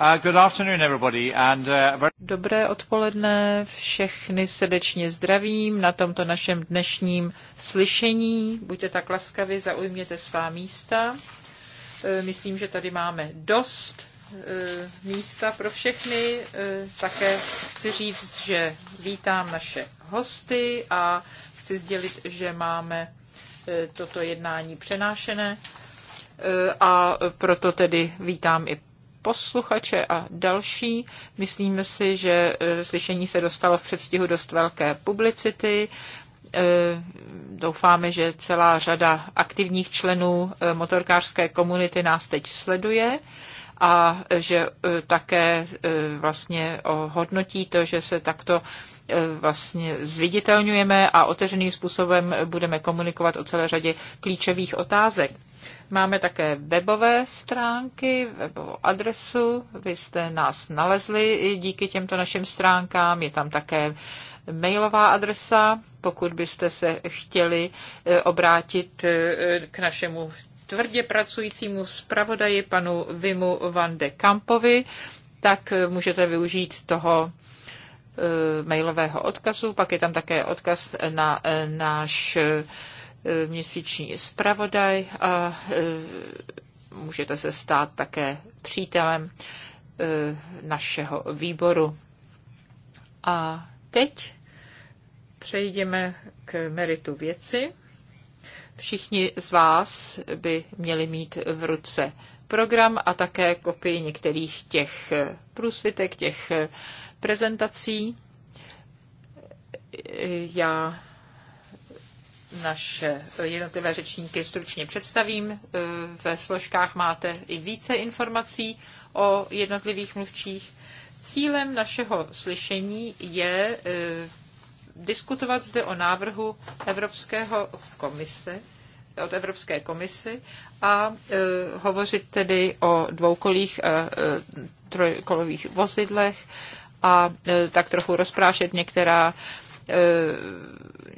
Uh, uh, Dobré odpoledne, všechny srdečně zdravím na tomto našem dnešním slyšení. Buďte tak laskavi, zaujměte svá místa. Eh, myslím, že tady máme dost eh, místa pro všechny. Eh, také chci říct, že vítám naše hosty a chci sdělit, že máme toto jednání přenášené a proto tedy vítám i posluchače a další. Myslíme si, že eh, slyšení se dostalo v předstihu dost velké publicity. Eh, doufáme, že celá řada aktivních členů eh, motorkářské komunity nás teď sleduje a že také vlastně hodnotí to, že se takto vlastně zviditelňujeme a otevřeným způsobem budeme komunikovat o celé řadě klíčových otázek. Máme také webové stránky, webovou adresu. Vy jste nás nalezli díky těmto našim stránkám. Je tam také mailová adresa, pokud byste se chtěli eh, obrátit eh, k našemu tvrdě pracujícímu zpravodaji panu Vimu van de Kampovi, tak eh, můžete využít toho Eh, mailového odkazu, pak je tam také odkaz na eh, náš eh, měsíční zpravodaj a můžete se stát také přítelem našeho výboru. A teď přejdeme k meritu věci. Všichni z vás by měli mít v ruce program a také kopii některých těch průsvitek, těch prezentací. Já naše jednotlivé řečníky stručně představím. Ve složkách máte i více informací o jednotlivých mluvčích. Cílem našeho slyšení je eh, diskutovat zde o návrhu Evropského komise, od Evropské komisy a eh, hovořit tedy o dvoukolých a eh, trojkolových vozidlech, a e, tak trochu rozprášet některá e,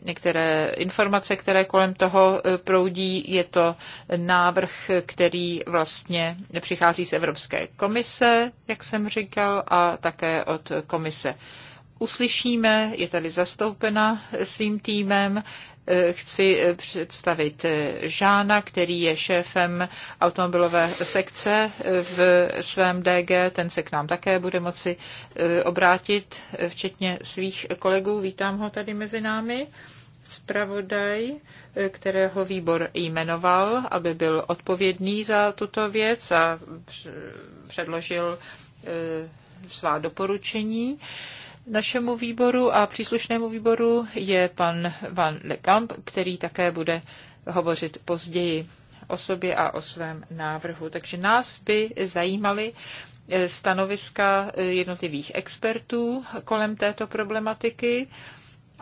některé informace, které kolem toho e, proudí. Je to návrh, který vlastně přichází z Evropské komise, jak jsem říkal, a také od komise uslyšíme, je tady zastoupena svým týmem. Eh, chci eh, představit eh, Žána, který je šéfem automobilové sekce v svém DG. Ten se k nám také bude moci obrátit, včetně svých kolegů. Vítám ho tady mezi námi. Spravodaj, kterého výbor jmenoval, aby byl odpovědný za tuto věc a předložil svá doporučení našemu výboru a příslušnému výboru je pan Van Camp, který také bude hovořit později o sobě a o svém návrhu. Takže nás by zajímaly eh, stanoviska eh, jednotlivých expertů kolem této problematiky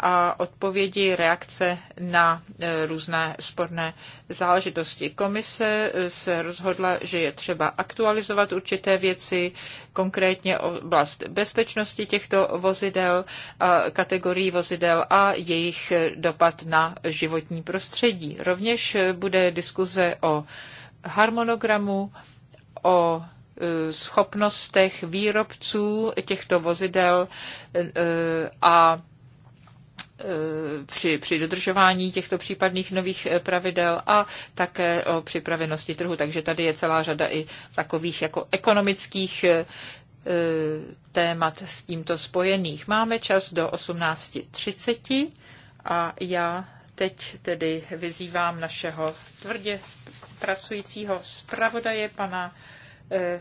a odpovědi, reakce na e, různé sporné záležitosti. Komise e, se rozhodla, že je třeba aktualizovat určité věci, konkrétně oblast bezpečnosti těchto vozidel, kategorii vozidel a jejich e, dopad na životní prostředí. Rovněž bude diskuze o harmonogramu, o schopnostech výrobců těchto vozidel a Eh, při, při dodržování těchto případných nových eh, pravidel a také o připravenosti trhu. Takže tady je celá řada i takových jako ekonomických eh, témat s tímto spojených. Máme čas do 18.30 a já teď tedy vyzývám našeho tvrdě pracujícího zpravodaje, pana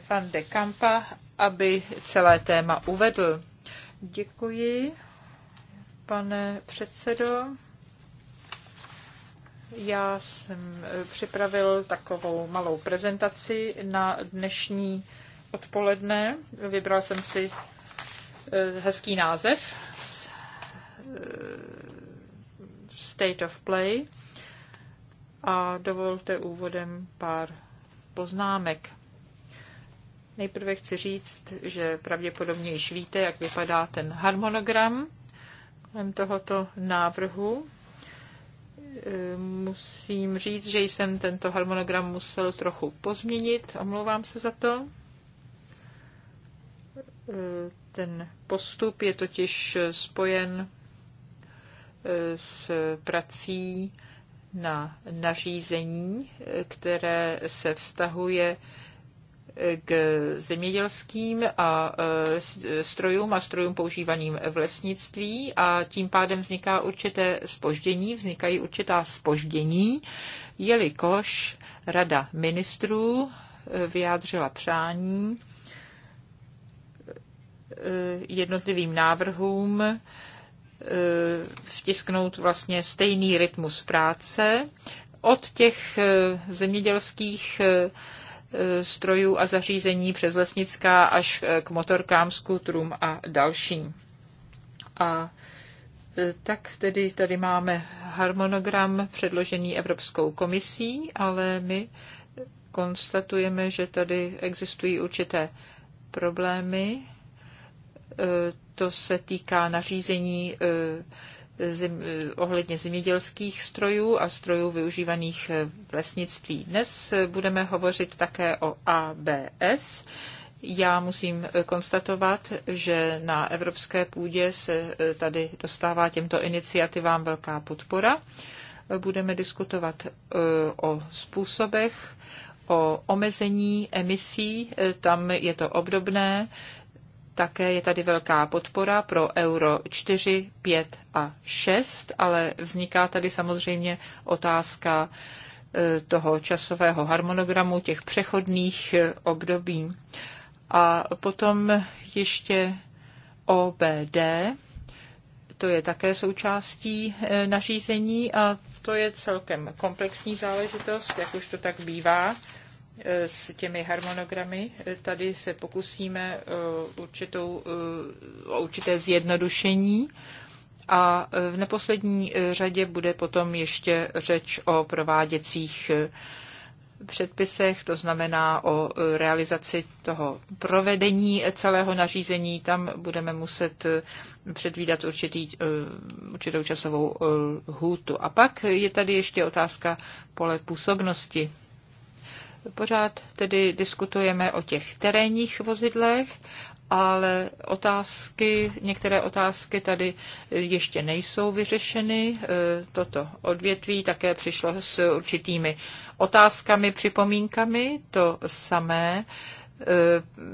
Van de Kampa, aby celé téma uvedl. Děkuji pane předsedo. Já jsem eh, připravil takovou malou prezentaci na dnešní odpoledne. Vybral jsem si eh, hezký název eh, State of Play a dovolte úvodem pár poznámek. Nejprve chci říct, že pravděpodobně již víte, jak vypadá ten harmonogram tohoto návrhu eh, musím říct, že jsem tento harmonogram musel trochu pozměnit. Omlouvám se za to. Eh, ten postup je totiž spojen eh, s prací na nařízení, které se vztahuje k zemědělským a e, strojům a strojům používaným v lesnictví a tím pádem vzniká určité spoždění, vznikají určitá spoždění, jelikož Rada ministrů e, vyjádřila přání e, jednotlivým návrhům vtisknout vlastně stejný rytmus práce od těch zemědělských Eh, strojů a zařízení přes lesnická až eh, k motorkám, skutrům a dalším. A eh, tak tedy tady máme harmonogram předložený Evropskou komisí, ale my konstatujeme, že tady existují určité problémy. To se týká nařízení zim, eh, ohledně zemědělských strojů a strojů využívaných eh, v lesnictví. Dnes eh, budeme hovořit také o ABS. Já musím konstatovat, že na evropské půdě se tady dostává těmto iniciativám velká podpora. Budeme diskutovat o způsobech, o omezení emisí. Tam je to obdobné také je tady velká podpora pro euro 4, 5 a 6, ale vzniká tady samozřejmě otázka e, toho časového harmonogramu, těch přechodných e, období. A potom ještě OBD, to je také součástí e, nařízení a to je celkem komplexní záležitost, jak už to tak bývá s těmi harmonogramy. Tady se pokusíme o, eh, určitou, eh, o určité zjednodušení a eh, v neposlední řadě bude potom ještě řeč o prováděcích předpisech, to znamená o realizaci toho provedení celého nařízení. Tam budeme muset předvídat určitý, určitou časovou hůtu A pak je tady ještě otázka pole působnosti. Pořád tedy diskutujeme o těch terénních vozidlech, ale otázky, některé otázky tady ještě nejsou vyřešeny. E, toto odvětví také přišlo s určitými otázkami, připomínkami. To samé e,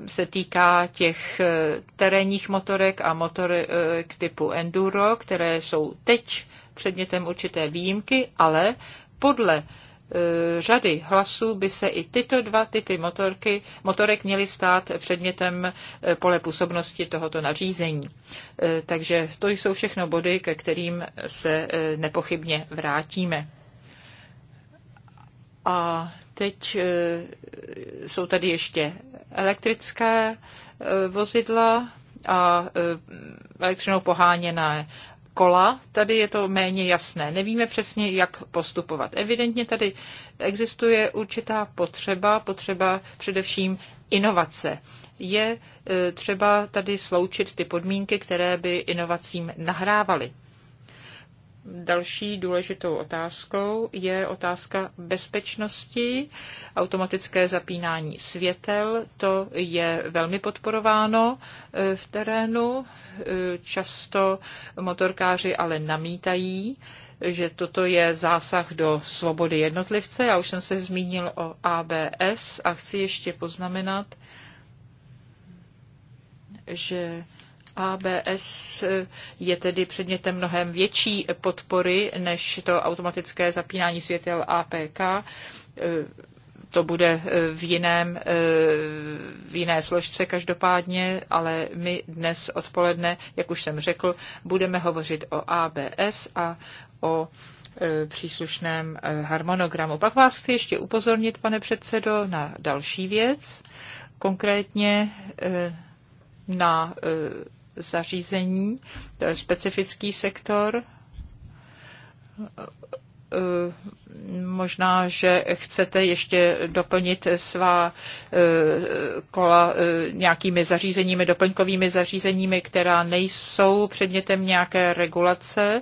se týká těch e, terénních motorek a motorek typu enduro, které jsou teď předmětem určité výjimky, ale podle Eh, řady hlasů by se i tyto dva typy motorky, motorek měly stát předmětem eh, pole působnosti tohoto nařízení. Eh, takže to jsou všechno body, ke kterým se nepochybně vrátíme. A teď jsou tady ještě elektrické vozidla a elektřinou poháněné kola, tady je to méně jasné. Nevíme přesně, jak postupovat. Evidentně tady existuje určitá potřeba, potřeba především inovace. Je e, třeba tady sloučit ty podmínky, které by inovacím nahrávaly. Další důležitou otázkou je otázka bezpečnosti, automatické zapínání světel. To je velmi podporováno e, v terénu. E, často motorkáři ale namítají, že toto je zásah do svobody jednotlivce. Já už jsem se zmínil o ABS a chci ještě poznamenat, že ABS je tedy předmětem mnohem větší podpory než to automatické zapínání světel APK e, to bude e, v, jiném, e, v jiné složce každopádně, ale my dnes odpoledne, jak už jsem řekl, budeme hovořit o ABS a o příslušném harmonogramu. Pak vás chci ještě upozornit, pane předsedo, na další věc, konkrétně na zařízení, to je specifický sektor. Eh, možná, že chcete ještě doplnit svá eh, kola eh, nějakými zařízeními, doplňkovými zařízeními, která nejsou předmětem nějaké regulace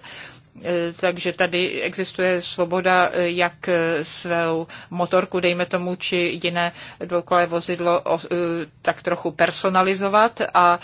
Eh, takže tady existuje svoboda, eh, jak eh, svou motorku, dejme tomu, či jiné dvoukolé vozidlo tak trochu personalizovat a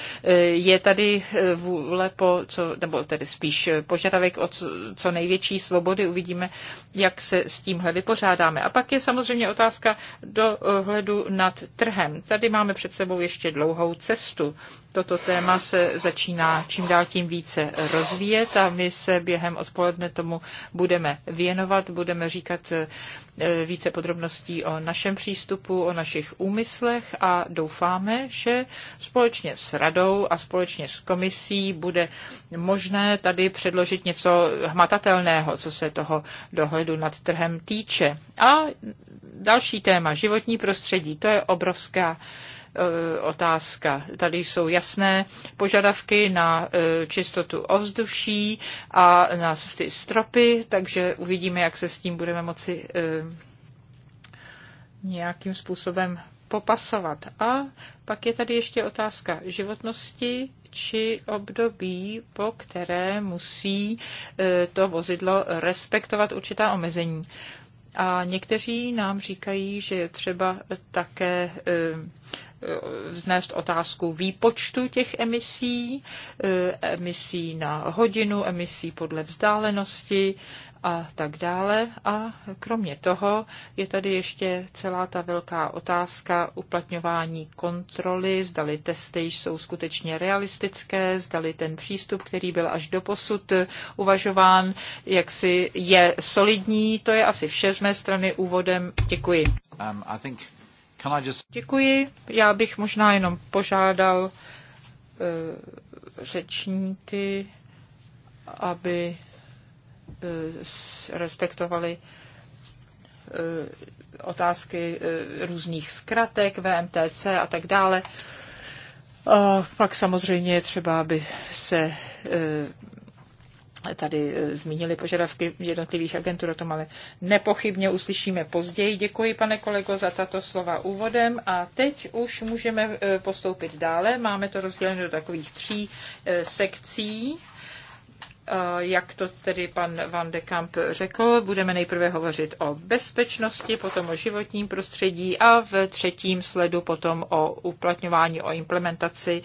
je tady vůle po, co, nebo tedy spíš požadavek o co největší svobody, uvidíme, jak se s tímhle vypořádáme. A pak je samozřejmě otázka dohledu nad trhem. Tady máme před sebou ještě dlouhou cestu. Toto téma se začíná čím dál tím více rozvíjet a my se během odpoledne tomu budeme věnovat, budeme říkat eh, více podrobností o našem přístupu, o našich úmyslech a doufáme, že společně s radou a společně s komisí bude možné tady předložit něco hmatatelného, co se toho dohledu nad trhem týče. A další téma, životní prostředí, to je obrovská Eh, otázka. Tady jsou jasné požadavky na eh, čistotu ovzduší a na ty stropy, takže uvidíme, jak se s tím budeme moci eh, nějakým způsobem popasovat. A pak je tady ještě otázka životnosti či období, po které musí to vozidlo respektovat určitá omezení. A někteří nám říkají, že je třeba také Eh, vznést otázku výpočtu těch emisí, eh, emisí na hodinu, emisí podle vzdálenosti a tak dále. A kromě toho je tady ještě celá ta velká otázka uplatňování kontroly, zdali testy jsou skutečně realistické, zdali ten přístup, který byl až do posud uvažován, jak si je solidní. To je asi vše z mé strany úvodem. Děkuji. Um, I think... Děkuji. Já bych možná jenom požádal uh, řečníky, aby uh, respektovali uh, otázky uh, různých zkratek, VMTC a tak dále. Uh, pak samozřejmě je třeba, aby se uh, tady e, zmínili požadavky jednotlivých agentur, o tom ale nepochybně uslyšíme později. Děkuji, pane kolego, za tato slova úvodem a teď už můžeme e, postoupit dále. Máme to rozděleno do takových tří e, sekcí. Jak to tedy pan Van de Kamp řekl, budeme nejprve hovořit o bezpečnosti, potom o životním prostředí a v třetím sledu potom o uplatňování, o implementaci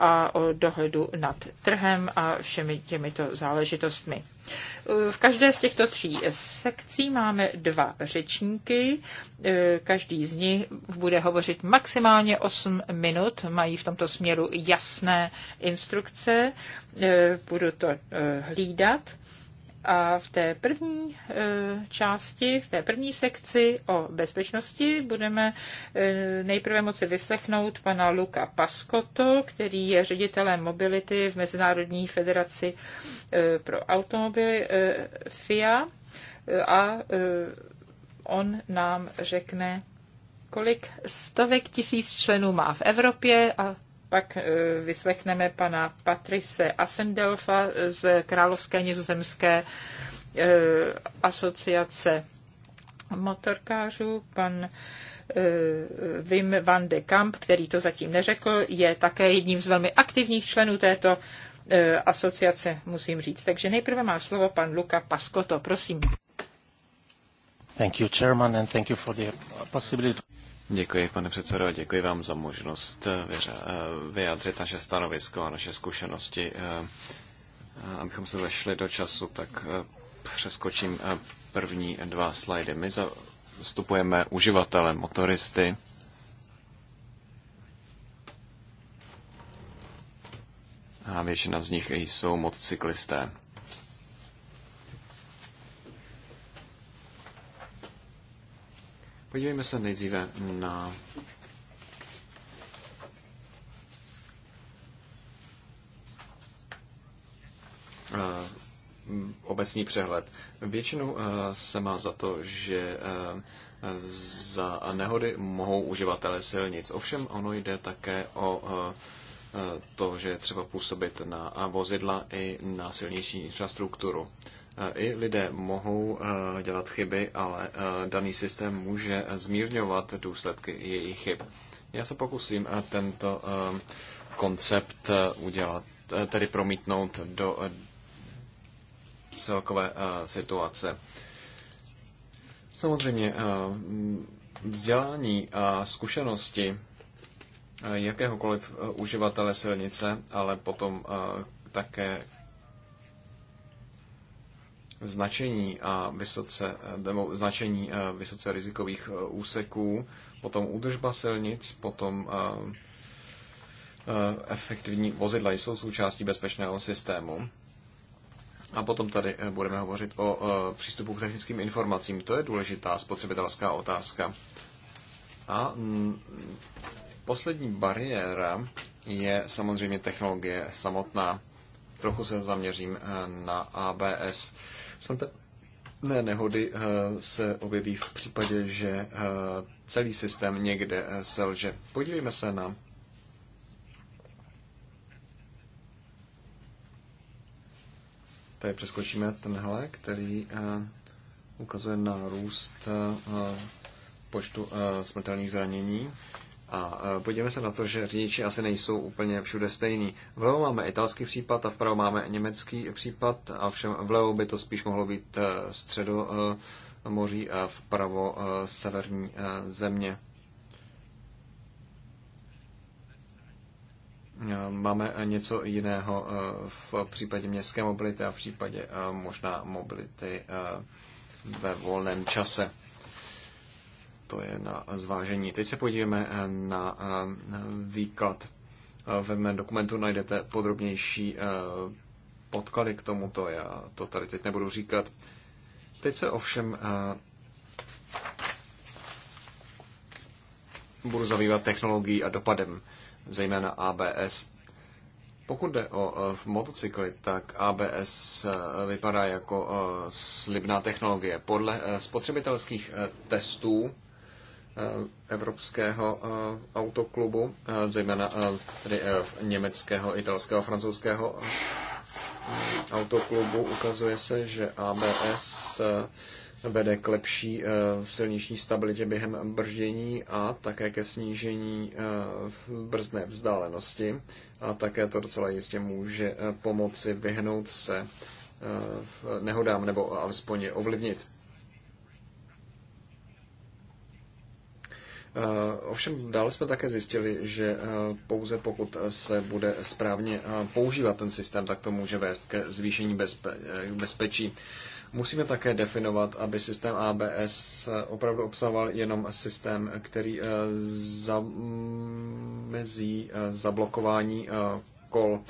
a o dohledu nad trhem a všemi těmito záležitostmi. V každé z těchto tří sekcí máme dva řečníky. E, Každý z nich bude hovořit maximálně 8 minut. Mají v tomto směru jasné instrukce. E, Budu to e, hlídat. A v té první e, části, v té první sekci o bezpečnosti budeme e, nejprve moci vyslechnout pana Luka Paskoto, který je ředitelem mobility v Mezinárodní federaci e, pro automobily FIA a on nám řekne, kolik stovek tisíc členů má v Evropě a pak e, vyslechneme pana Patrice Asendelfa z Královské nizozemské e, asociace motorkářů, pan e, Wim van de Kamp, který to zatím neřekl, je také jedním z velmi aktivních členů této asociace, musím říct. Takže nejprve má slovo pan Luka Paskoto, prosím. Thank you, Chairman, and thank you for the possibility. Děkuji, pane předsedo, a děkuji vám za možnost eh, eh, vyjádřit naše stanovisko a naše zkušenosti. Eh, abychom se vešli do času, tak přeskočím první dva slajdy. My zastupujeme uživatele, motoristy. A většina z nich jsou motocyklisté. Podívejme se nejdříve na eh, obecný přehled. Většinou eh, se má za to, že eh, za nehody mohou uživatelé silnic. Ovšem ono jde také o to, že třeba působit na vozidla i na silnější infrastrukturu. I lidé mohou eh, dělat chyby, ale eh, daný systém může zmírňovat důsledky jejich chyb. Já se pokusím eh, tento koncept udělat, tedy promítnout do celkové situace. Samozřejmě vzdělání a zkušenosti jakéhokoliv uživatele silnice, ale potom také značení a vysoce, nebo eh, značení eh, vysoce rizikových eh, úseků, potom údržba silnic, potom efektivní vozidla jsou součástí bezpečného systému. A potom tady budeme hovořit o přístupu k technickým informacím. To je důležitá spotřebitelská otázka. A mm, poslední bariéra je samozřejmě technologie samotná. Trochu se zaměřím na ABS. Ne, nehody eh, se objeví v případě, že eh, celý systém někde eh, selže. Podívejme se na Tady přeskočíme tenhle, který ukazuje nárůst počtu smrtelných zranění. A e, podívejme se na to, že řidiči asi nejsou úplně všude stejný. Vlevo máme italský případ a vpravo máme německý případ a všem vlevo by to spíš mohlo být e, středo e, moří a vpravo severní země. Máme něco jiného v případě městské mobility a v případě možná mobility ve volném čase to je na zvážení. Teď se podíváme eh, na eh, výklad. Eh, v mém dokumentu najdete podrobnější podklady k tomuto. Já to tady teď nebudu říkat. Teď se ovšem budu zabývat technologií a dopadem, zejména ABS. Pokud jde o v motocykly, tak ABS vypadá jako slibná technologie. Podle spotřebitelských testů Eh, evropského eh, autoklubu, eh, zejména tedy německého, italského, francouzského autoklubu. Ukazuje se, že ABS vede k lepší silniční stabilitě během brždění a také ke snížení brzdné vzdálenosti. A také to docela jistě může pomoci vyhnout se nehodám nebo alespoň ovlivnit. Eh, ovšem dále jsme také zjistili, že eh, pouze pokud se bude správně eh, používat ten systém, tak to může vést ke zvýšení bezpe- bezpečí. Musíme také definovat, aby systém ABS opravdu obsahoval jenom systém, který zamezí zablokování kol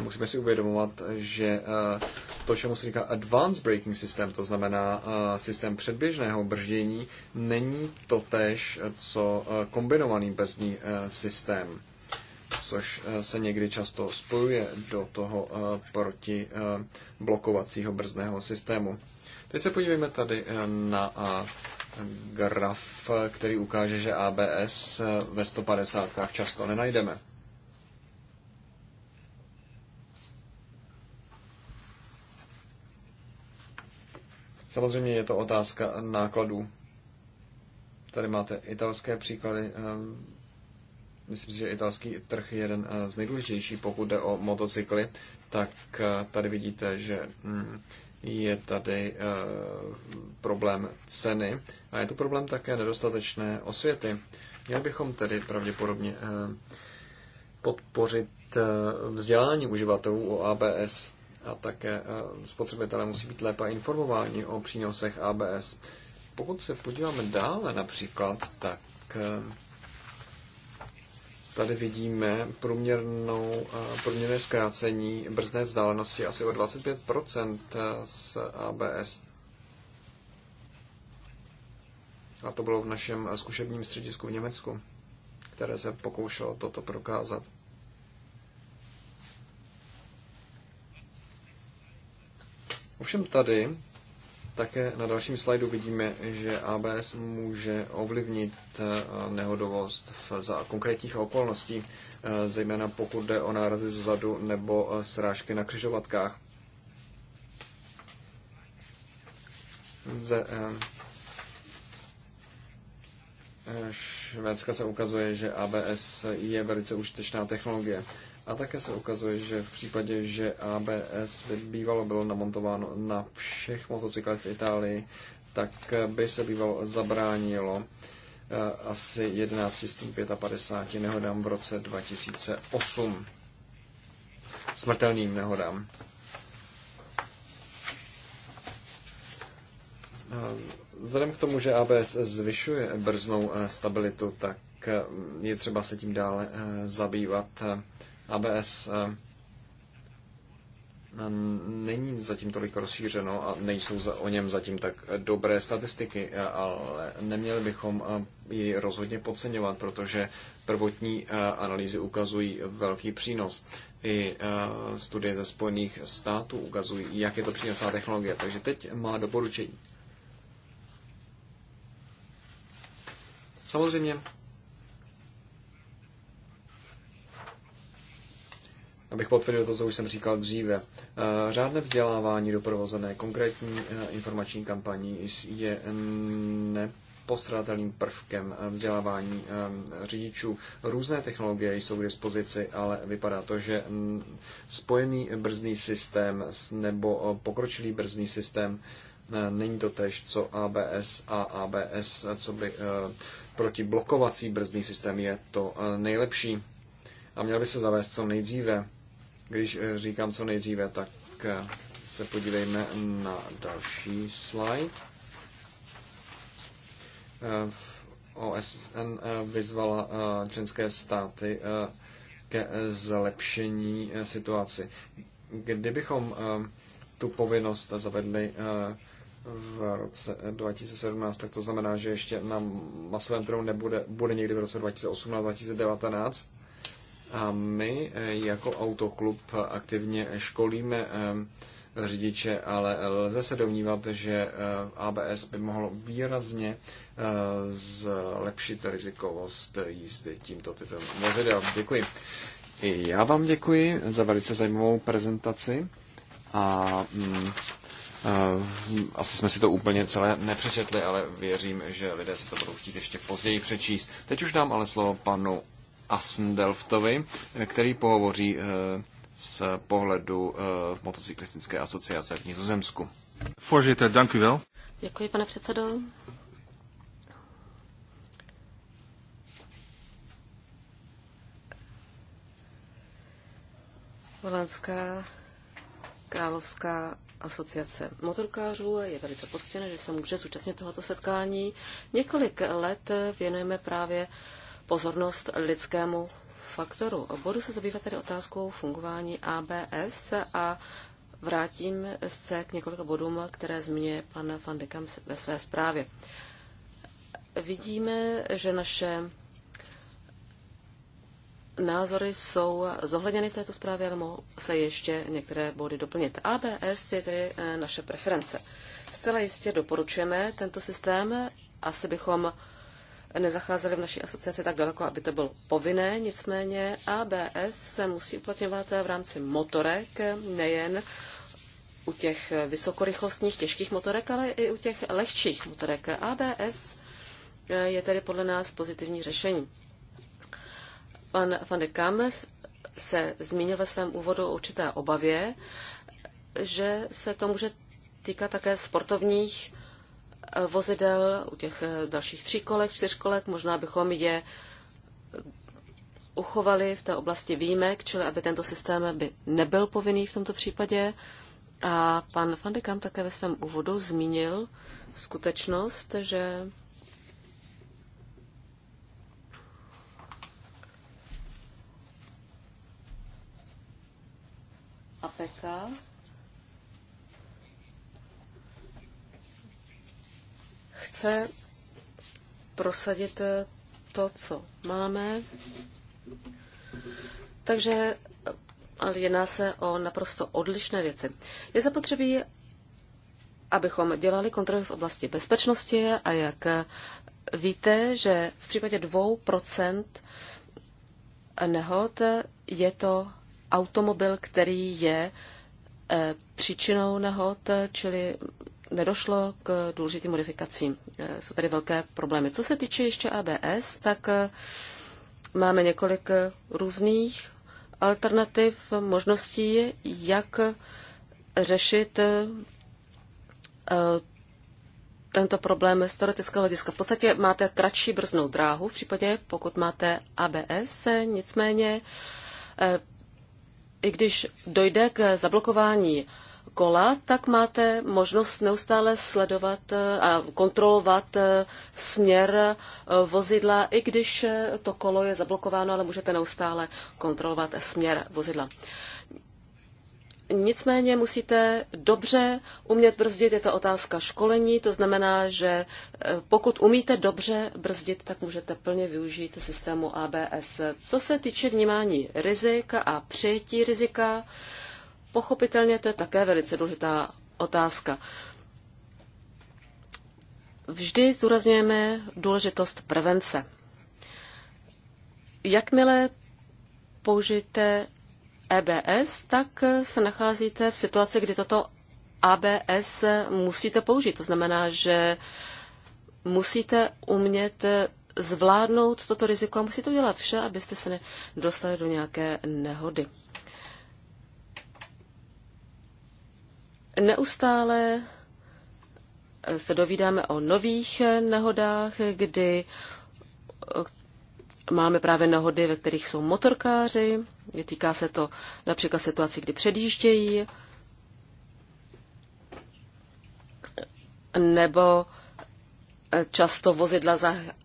musíme si uvědomovat, že eh, to, čemu se říká advanced braking system, to znamená eh, systém předběžného brždění, není totéž, eh, co kombinovaný bezdní systém, což se někdy často spojuje do toho proti blokovacího brzdného systému. Teď se podívejme tady na graf, který ukáže, že ABS ve 150 často nenajdeme. Samozřejmě je to otázka nákladů. Tady máte italské příklady. Ehm, myslím si, že italský trh je jeden eh, z nejdůležitějších, pokud jde o motocykly. Tak eh, tady vidíte, že mm, je tady eh, problém ceny a je to problém také nedostatečné osvěty. Měli bychom tedy pravděpodobně podpořit vzdělání uživatelů o ABS a také eh, spotřebitelé musí být lépe informováni o přínosech ABS. Pokud se podíváme dále například, tak eh, tady vidíme průměrnou, eh, průměrné zkrácení brzdné vzdálenosti asi o 25% z ABS. A to bylo v našem zkušebním středisku v Německu, které se pokoušelo toto prokázat. Ovšem tady také na dalším slajdu vidíme, že ABS může ovlivnit eh, nehodovost v, za konkrétních okolností, eh, zejména pokud jde o nárazy zadu nebo eh, srážky na křižovatkách. Ze, Švédska se ukazuje, že ABS je velice užitečná technologie. A také se ukazuje, že v případě, že ABS by bývalo bylo namontováno na všech motocyklech v Itálii, tak by se bývalo zabránilo eh, asi 11 155 nehodám v roce 2008. Smrtelným nehodám. Eh, vzhledem k tomu, že ABS zvyšuje brznou eh, stabilitu, tak je třeba se tím dále zabývat ABS eh, není zatím tolik rozšířeno a nejsou o něm zatím tak eh, dobré statistiky, eh, ale neměli bychom ji rozhodně podceňovat, protože prvotní analýzy ukazují velký přínos. I studie ze Spojených států ukazují, jak je to přínosná technologie. Takže teď má doporučení. Samozřejmě abych potvrdil to, co už jsem říkal dříve. Eh, řádné vzdělávání doprovozené konkrétní eh, informační kampaní je postradatelným prvkem eh, vzdělávání řidičů. Různé technologie jsou k dispozici, ale vypadá to, že spojený brzdný systém nebo pokročilý brzdný systém není to tež, co ABS a ABS, co by protiblokovací brzdný systém je to nejlepší a měl by se zavést co nejdříve. Když eh, říkám co nejdříve, tak eh, se podívejme na další slide. Eh, OSN vyzvala členské státy ke zlepšení situaci. Kdybychom tu povinnost zavedli v roce 2017, tak to znamená, že ještě na masovém trhu nebude, bude někdy v roce 2018-2019. A my eh, jako autoklub aktivně školíme eh, řidiče, ale lze se domnívat, že eh, ABS by mohlo výrazně zlepšit rizikovost jízdy tímto typem vozidel. Děkuji. I já vám děkuji za velice zajímavou prezentaci a mm, asi jsme si to úplně celé nepřečetli, ale věřím, že lidé si to budou chtít ještě později přečíst. Teď už dám ale slovo panu Asndelftovi, který pohovoří eh, z pohledu eh, motocyklistické asociace v Nizozemsku. Voorzitter, dank u wel. Děkuji, pane předsedo. Holandská královská asociace motorkářů je velice poctěna, že se může zúčastnit tohoto setkání. Několik let věnujeme právě pozornost lidskému faktoru. Budu se zabývat tedy otázkou fungování ABS a vrátím se k několika bodům, které zmiňuje pan Van de Kamp ve své zprávě. Vidíme, že naše názory jsou zohledněny v této zprávě, ale mohou se ještě některé body doplnit. ABS je tedy eh, naše preference. Zcela jistě doporučujeme tento systém. Asi bychom nezacházeli v naší asociaci tak daleko, aby to bylo povinné, nicméně ABS se musí uplatňovat v rámci motorek, nejen u těch vysokorychlostních těžkých motorek, ale i u těch lehčích motorek. ABS eh, je tedy podle nás pozitivní řešení. Pan Van de Kam se zmínil ve svém úvodu o určité obavě, že se to může týkat také sportovních Eh, vozidel, u těch eh, dalších tří kolek, čtyř kolek, možná bychom je uchovali v té oblasti výjimek, čili aby tento systém by nebyl povinný v tomto případě. A pan Fandekam také ve svém úvodu zmínil skutečnost, že APK chce prosadit eh, to, co máme. Takže eh, ale jedná se o naprosto odlišné věci. Je zapotřebí, abychom dělali kontroly v oblasti bezpečnosti a jak eh, víte, že v případě 2% nehod je to automobil, který je příčinou nehod, čili nedošlo k důležitým modifikacím. Eh, Jsou tady velké problémy. Co se týče ještě ABS, tak eh, máme několik eh, různých alternativ, možností, jak řešit tento problém z teoretického hlediska. V podstatě máte kratší brznou dráhu v případě, pokud máte ABS, nicméně i když dojde k zablokování kola, tak máte možnost neustále sledovat eh, a kontrolovat eh, směr eh, vozidla, i když to kolo je zablokováno, ale můžete neustále kontrolovat směr vozidla. Nicméně musíte dobře umět brzdit, je to otázka školení, to znamená, že pokud umíte dobře brzdit, tak můžete plně využít systému ABS. Co se týče vnímání rizika a přijetí rizika, pochopitelně to je také velice důležitá otázka. Vždy zdůrazňujeme důležitost prevence. Jakmile použijete EBS, tak se nacházíte v situaci, kdy toto ABS musíte použít. To znamená, že musíte umět zvládnout toto riziko a musíte udělat vše, abyste se nedostali do nějaké nehody. Neustále eh, se dovídáme o nových eh, nehodách, kdy eh, máme právě nehody, ve kterých jsou motorkáři. Týká se to například situací, kdy předjíždějí nebo často vozidla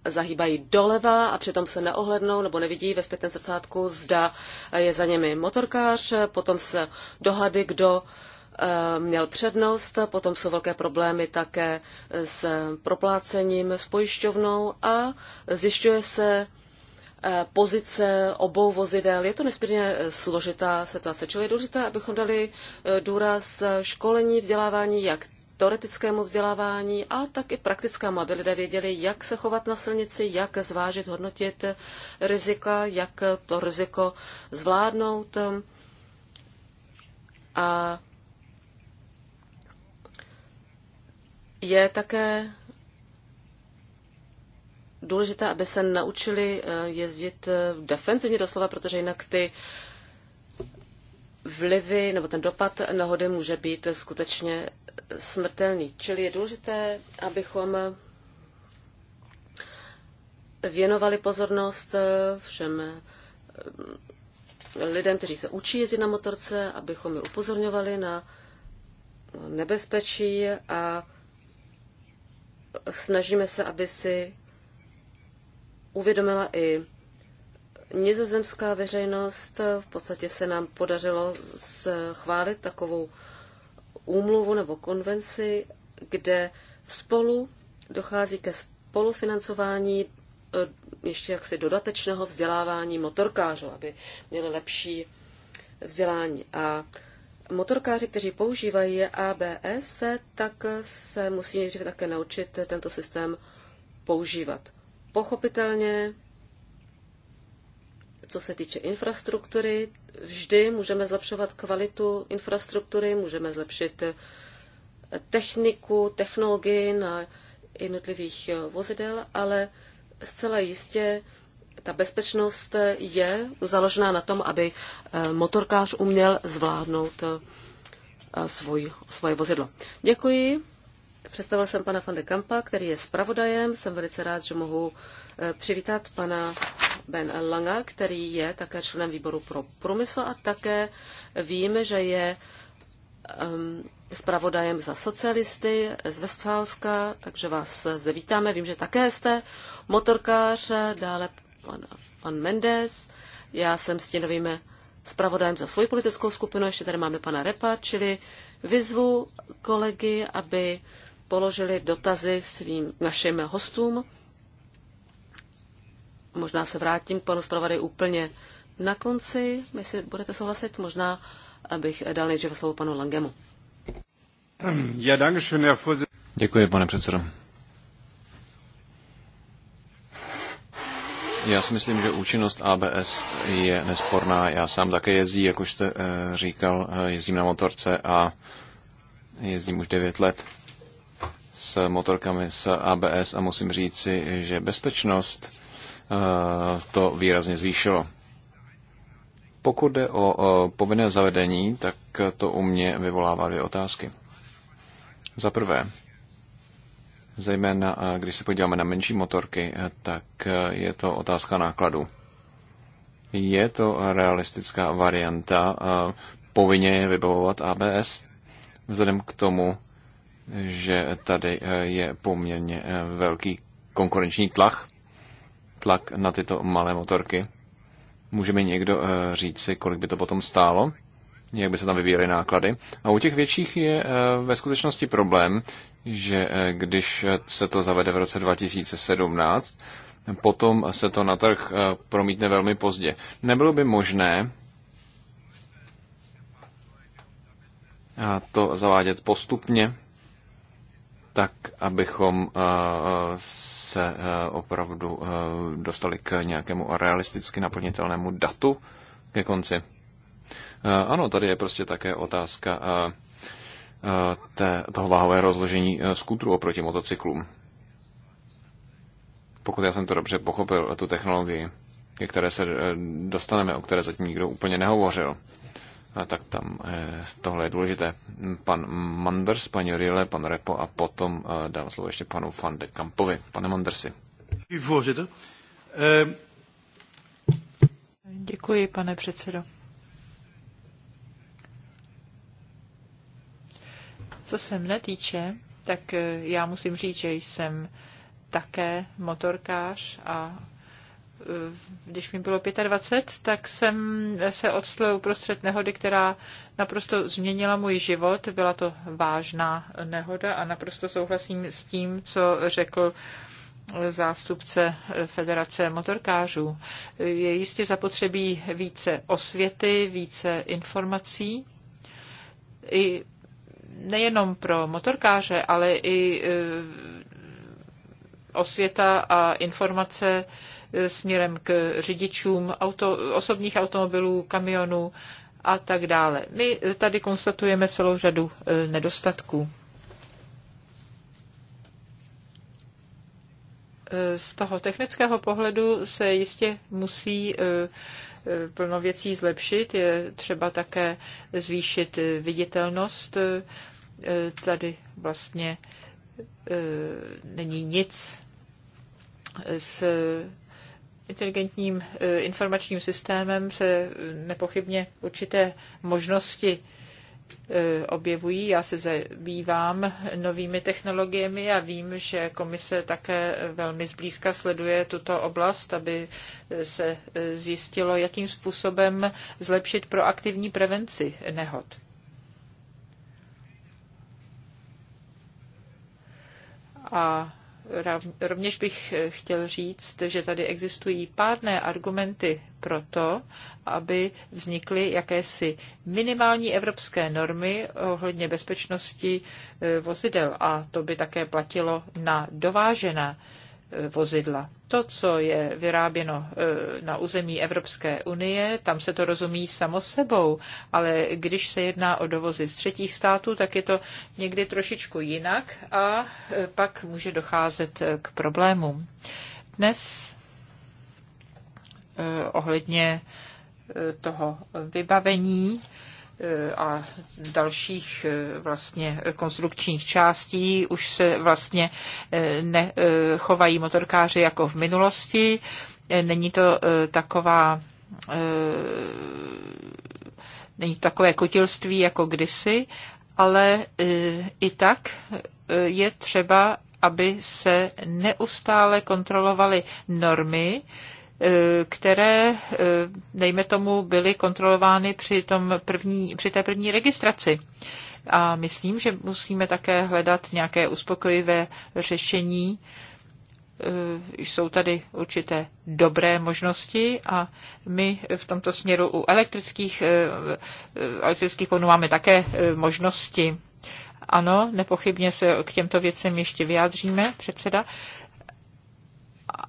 zahýbají doleva a přitom se neohlednou nebo nevidí ve zpětném zrcátku, zda je za nimi motorkář, potom se dohady, kdo Eh, měl přednost, potom jsou velké problémy také s proplácením, s pojišťovnou a zjišťuje se eh, pozice obou vozidel. Je to nesmírně složitá situace, čili je důležité, abychom dali eh, důraz školení, vzdělávání, jak teoretickému vzdělávání a tak i praktickému, aby lidé věděli, jak se chovat na silnici, jak zvážit, hodnotit rizika, jak to riziko zvládnout. A je také důležité, aby se naučili eh, jezdit eh, defenzivně doslova, protože jinak ty vlivy nebo ten dopad nehody může být skutečně smrtelný. Čili je důležité, abychom věnovali pozornost eh, všem lidem, kteří se učí jezdit na motorce, abychom je upozorňovali na nebezpečí a snažíme se, aby si uvědomila i nizozemská veřejnost. V podstatě se nám podařilo schválit takovou úmluvu nebo konvenci, kde spolu dochází ke spolufinancování e, ještě jaksi dodatečného vzdělávání motorkářů, aby měli lepší vzdělání. A motorkáři, kteří používají ABS, tak se musí nejdříve také naučit tento systém používat. Pochopitelně, co se týče infrastruktury, vždy můžeme zlepšovat kvalitu infrastruktury, můžeme zlepšit techniku, technologii na jednotlivých vozidel, ale zcela jistě ta bezpečnost je založená na tom, aby eh, motorkář uměl zvládnout eh, svůj, svoje vozidlo. Děkuji. Představil jsem pana van de Kampa, který je zpravodajem. Jsem velice rád, že mohu eh, přivítat pana Ben Langa, který je také členem výboru pro průmysl a také vím, že je um, zpravodajem za socialisty z Vestfálska. takže vás zde vítáme. Vím, že také jste motorkář, dále pan, pan Mendes, já jsem stěnovým zpravodajem za svoji politickou skupinu, ještě tady máme pana Repa, čili vyzvu kolegy, aby položili dotazy svým našim hostům. Možná se vrátím k panu zpravodaj úplně na konci, jestli budete souhlasit, možná abych dal nejdříve slovo panu Langemu. Děkuji, pane předsedo. Já si myslím, že účinnost ABS je nesporná. Já sám také jezdím, jak už jste eh, říkal, eh, jezdím na motorce a jezdím už 9 let s motorkami s ABS a musím říci, že bezpečnost eh, to výrazně zvýšilo. Pokud jde o povinné zavedení, tak to u mě vyvolává dvě otázky. Za prvé, Zejména když se podíváme na menší motorky, eh, tak eh, je to otázka nákladu. Je to realistická varianta eh, povinně je vybavovat ABS, vzhledem k tomu, že tady je poměrně velký konkurenční tlak, tlak na tyto malé motorky. Můžeme někdo říci, kolik by to potom stálo? jak by se tam vyvíjely náklady. A u těch větších je eh, ve skutečnosti problém, že eh, když se to zavede v roce 2017, potom se to na trh eh, promítne velmi pozdě. Nebylo by možné to zavádět postupně, tak abychom se opravdu dostali k nějakému realisticky naplnitelnému datu ke konci. Eh, ano, tady je prostě také otázka eh, eh, té, toho váhové rozložení skutru oproti motocyklům. Pokud já jsem to dobře pochopil, tu technologii, ke které se dostaneme, o které zatím nikdo úplně nehovořil, a tak tam tohle je důležité. Pan Manders, paní Rile, pan Repo a potom dám slovo ještě panu Van de Kampovi. Pane Mandersi. Děkuji, pane předsedo. Co se mne týče, tak eh, já musím říct, že jsem také motorkář a eh, když mi bylo 25, tak jsem se odstl uprostřed nehody, která naprosto změnila můj život. Byla to vážná nehoda a naprosto souhlasím s tím, co řekl eh, zástupce Federace motorkářů. Je jistě zapotřebí více osvěty, více informací i nejenom pro motorkáře, ale i e, osvěta a informace e, směrem k řidičům auto, osobních automobilů, kamionů a tak dále. My tady konstatujeme celou řadu e, nedostatků. Z toho technického pohledu se jistě musí plno věcí zlepšit. Je třeba také zvýšit viditelnost. Tady vlastně e, není nic s inteligentním e, informačním systémem se nepochybně určité možnosti E, objevují. Já se zabývám novými technologiemi a vím, že komise také velmi zblízka sleduje tuto oblast, aby se e, zjistilo, jakým způsobem zlepšit proaktivní prevenci nehod. A Rovněž bych eh, chtěl říct, že tady existují pádné argumenty pro to, aby vznikly jakési minimální evropské normy ohledně bezpečnosti eh, vozidel a to by také platilo na dovážená vozidla. To, co je vyráběno e, na území Evropské unie, tam se to rozumí samo sebou, ale když se jedná o dovozy z třetích států, tak je to někdy trošičku jinak a e, pak může docházet e, k problémům. Dnes ohledně toho vybavení a dalších e, vlastně konstrukčních částí. Už se vlastně e, nechovají motorkáři jako v minulosti. E, není to taková není to takové kotilství jako kdysi, ale i tak je třeba, aby se neustále kontrolovaly normy, Eh, které, eh, dejme tomu, byly kontrolovány při, tom první, při té první registraci. A myslím, že musíme také hledat nějaké uspokojivé řešení. Eh, jsou tady určité dobré možnosti a my v tomto směru u elektrických, elektrických ponů máme také možnosti. Ano, nepochybně se k těmto věcem ještě vyjádříme, předseda.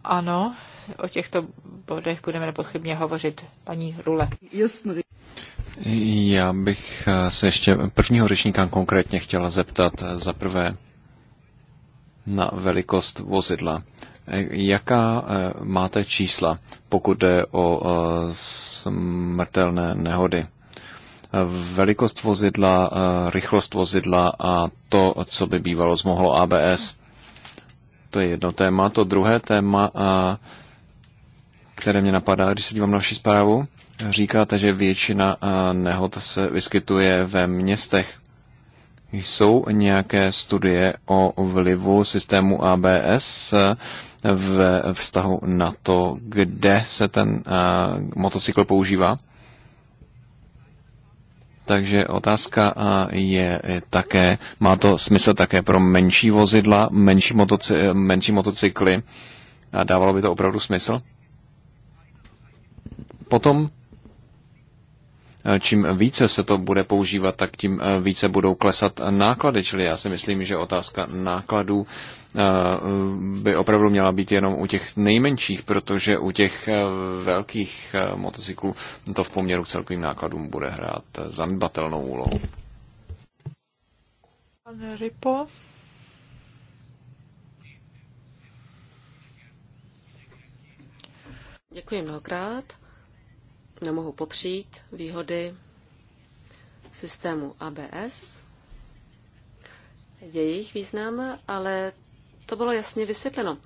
Ano, o těchto bodech budeme nepochybně hovořit. Paní Rule. Já bych eh, se ještě prvního řečníka konkrétně chtěla zeptat za prvé na velikost vozidla. Eh, jaká eh, máte čísla, pokud jde o smrtelné nehody? Velikost vozidla, rychlost vozidla a to, co by bývalo zmohlo ABS. To je jedno téma. To druhé téma a které mě napadá, když se dívám na vaši zprávu. Říkáte, že většina eh, nehod se vyskytuje ve městech. Jsou nějaké studie o vlivu systému ABS eh, ve vztahu na to, kde se ten eh, motocykl používá? Takže otázka je také, má to smysl také pro menší vozidla, menší, motoci, menší motocykly? A dávalo by to opravdu smysl? Potom, eh, čím více se to bude používat, tak tím eh, více budou klesat náklady. Čili já si myslím, že otázka nákladů eh, by opravdu měla být jenom u těch nejmenších, protože u těch velkých motocyklů to v poměru k celkovým nákladům bude hrát zanedbatelnou úlohu. Pane Ripo. Děkuji mnohokrát nemohu popřít výhody systému ABS, jejich význam, ale to bylo jasně vysvětleno.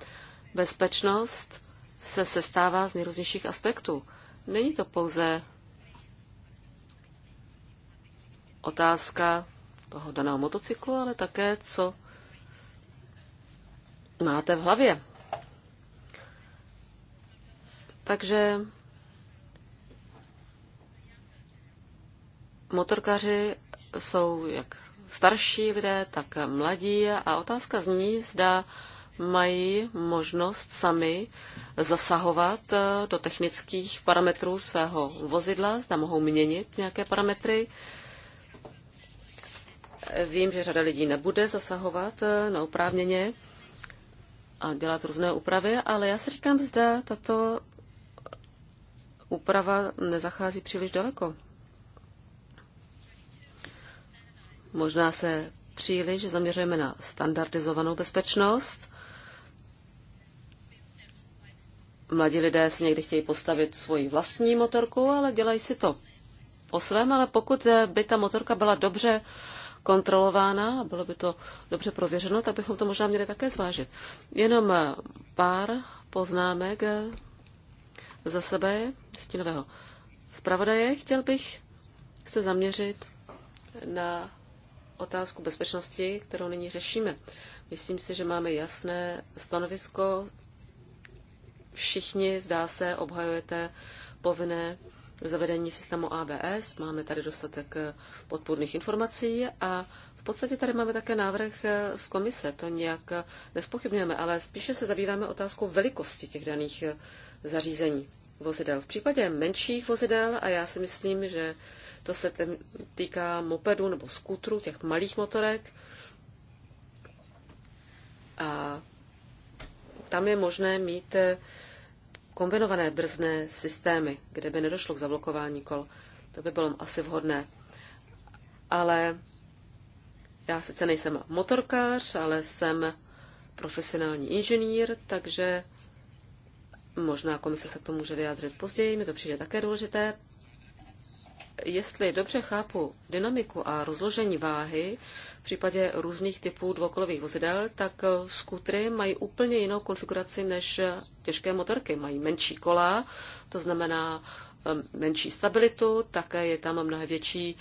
Bezpečnost se sestává z nejrůznějších aspektů. Není to pouze otázka toho daného motocyklu, ale také, co máte v hlavě. Takže motorkaři jsou jak starší lidé, tak mladí a otázka zní, zda mají možnost sami zasahovat eh, do technických parametrů svého vozidla, zda mohou měnit nějaké parametry. Vím, že řada lidí nebude zasahovat eh, neoprávněně a dělat různé úpravy, ale já si říkám, zda tato úprava nezachází příliš daleko. Možná se příliš zaměřujeme na standardizovanou bezpečnost. Mladí lidé si někdy chtějí postavit svoji vlastní motorku, ale dělají si to po svém, ale pokud by ta motorka byla dobře kontrolována a bylo by to dobře prověřeno, tak bychom to možná měli také zvážit. Jenom pár poznámek za sebe stínového zpravodaje. Chtěl bych se zaměřit na otázku bezpečnosti, kterou nyní řešíme. Myslím si, že máme jasné stanovisko. Všichni, zdá se, obhajujete povinné zavedení systému ABS. Máme tady dostatek eh, podpůrných informací a v podstatě tady máme také návrh eh, z komise. To nějak eh, nespochybňujeme, ale spíše se zabýváme otázkou velikosti těch daných zařízení vozidel. V případě menších vozidel, a já si myslím, že to se týká mopedů nebo skutrů, těch malých motorek. A tam je možné mít eh, kombinované brzné systémy, kde by nedošlo k zablokování kol. To by bylo asi vhodné. Ale já sice nejsem motorkář, ale jsem profesionální inženýr, takže možná komise se k tomu může vyjádřit později, mi to přijde také důležité jestli dobře chápu dynamiku a rozložení váhy v případě různých typů dvokolových vozidel, tak eh, skutry mají úplně jinou konfiguraci než eh, těžké motorky. Mají menší kola, to znamená eh, menší stabilitu, také je tam mnohem větší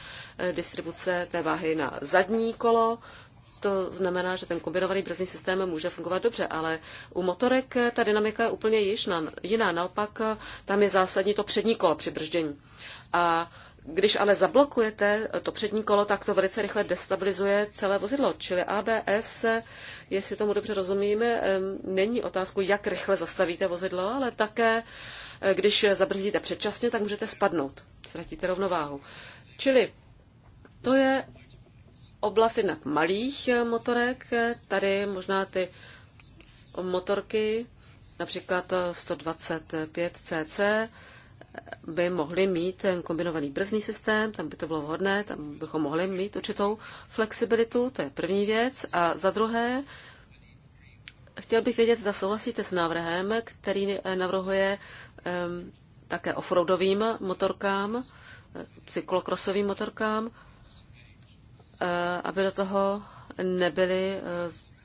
distribuce té váhy na zadní kolo, to znamená, že ten kombinovaný brzdní systém může fungovat dobře, ale u motorek ta dynamika je úplně jiná. Naopak tam je zásadní to přední kolo při brždění. A když ale zablokujete to přední kolo, tak to velice rychle destabilizuje celé vozidlo. Čili ABS, jestli tomu dobře rozumím, není otázku, jak rychle zastavíte vozidlo, ale také, eh, když zabrzdíte předčasně, tak můžete spadnout, ztratíte rovnováhu. Čili to je oblast jednak malých eh, motorek, tady možná ty motorky, například 125 eh, cc, by mohli mít ten kombinovaný brzdní systém, tam by to bylo vhodné, tam bychom mohli mít určitou flexibilitu, to je první věc. A za druhé, chtěl bych vědět, zda souhlasíte s návrhem, který eh, navrhuje um, také offroadovým motorkám, cyklokrosovým motorkám, eh, aby do toho nebyly eh,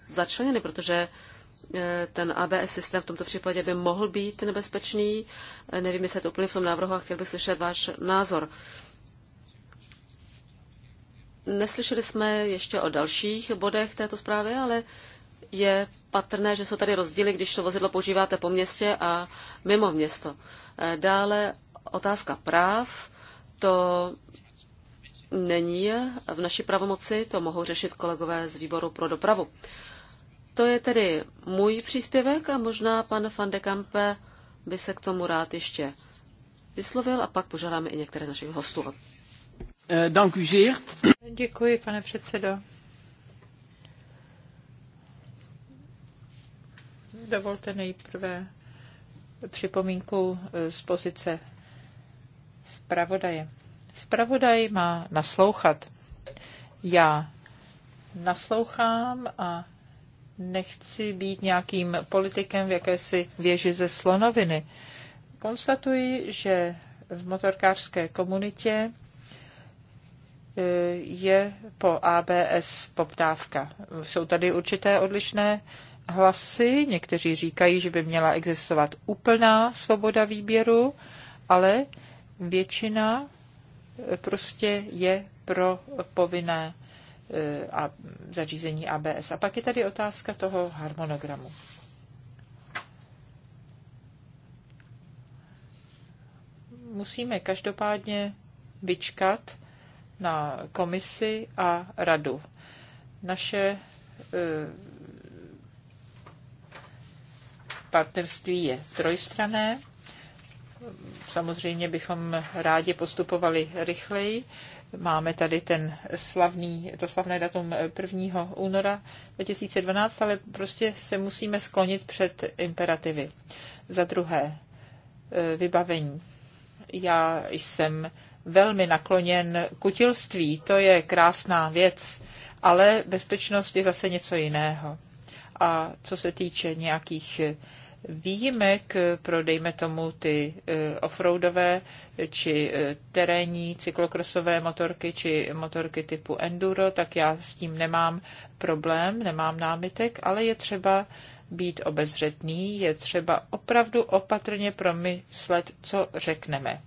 začleněny, protože ten ABS systém v tomto případě by mohl být nebezpečný nevím, jestli je to úplně v tom návrhu a chtěl bych slyšet váš názor. Neslyšeli jsme ještě o dalších bodech této zprávy, ale je patrné, že jsou tady rozdíly, když to vozidlo používáte po městě a mimo město. Eh, dále otázka práv, to není v naší pravomoci, to mohou řešit kolegové z výboru pro dopravu. To je tedy můj příspěvek a možná pan van de Kampe by se k tomu rád ještě vyslovil a pak požádáme i některé z našich hostů. Eh, Děkuji, pane předsedo. Dovolte nejprve připomínku eh, z pozice zpravodaje. Spravodaj má naslouchat. Já naslouchám a nechci být nějakým politikem v jakési věži ze slonoviny. Konstatuji, že v motorkářské komunitě e, je po ABS poptávka. Jsou tady určité odlišné hlasy. Někteří říkají, že by měla existovat úplná svoboda výběru, ale většina e, prostě je pro povinné Eh, a zařízení ABS. A pak je tady otázka toho harmonogramu. Musíme každopádně vyčkat na komisi a radu. Naše eh, partnerství je trojstrané. Samozřejmě bychom rádi postupovali rychleji. Máme tady ten slavný, to slavné datum 1. února 2012, ale prostě se musíme sklonit před imperativy. Za druhé, e, vybavení. Já jsem velmi nakloněn kutilství, to je krásná věc, ale bezpečnost je zase něco jiného. A co se týče nějakých výjimek pro, dejme tomu, ty eh, offroadové či eh, terénní cyklokrosové motorky či motorky typu enduro, tak já s tím nemám problém, nemám námitek, ale je třeba být obezřetný, je třeba opravdu opatrně promyslet, co řekneme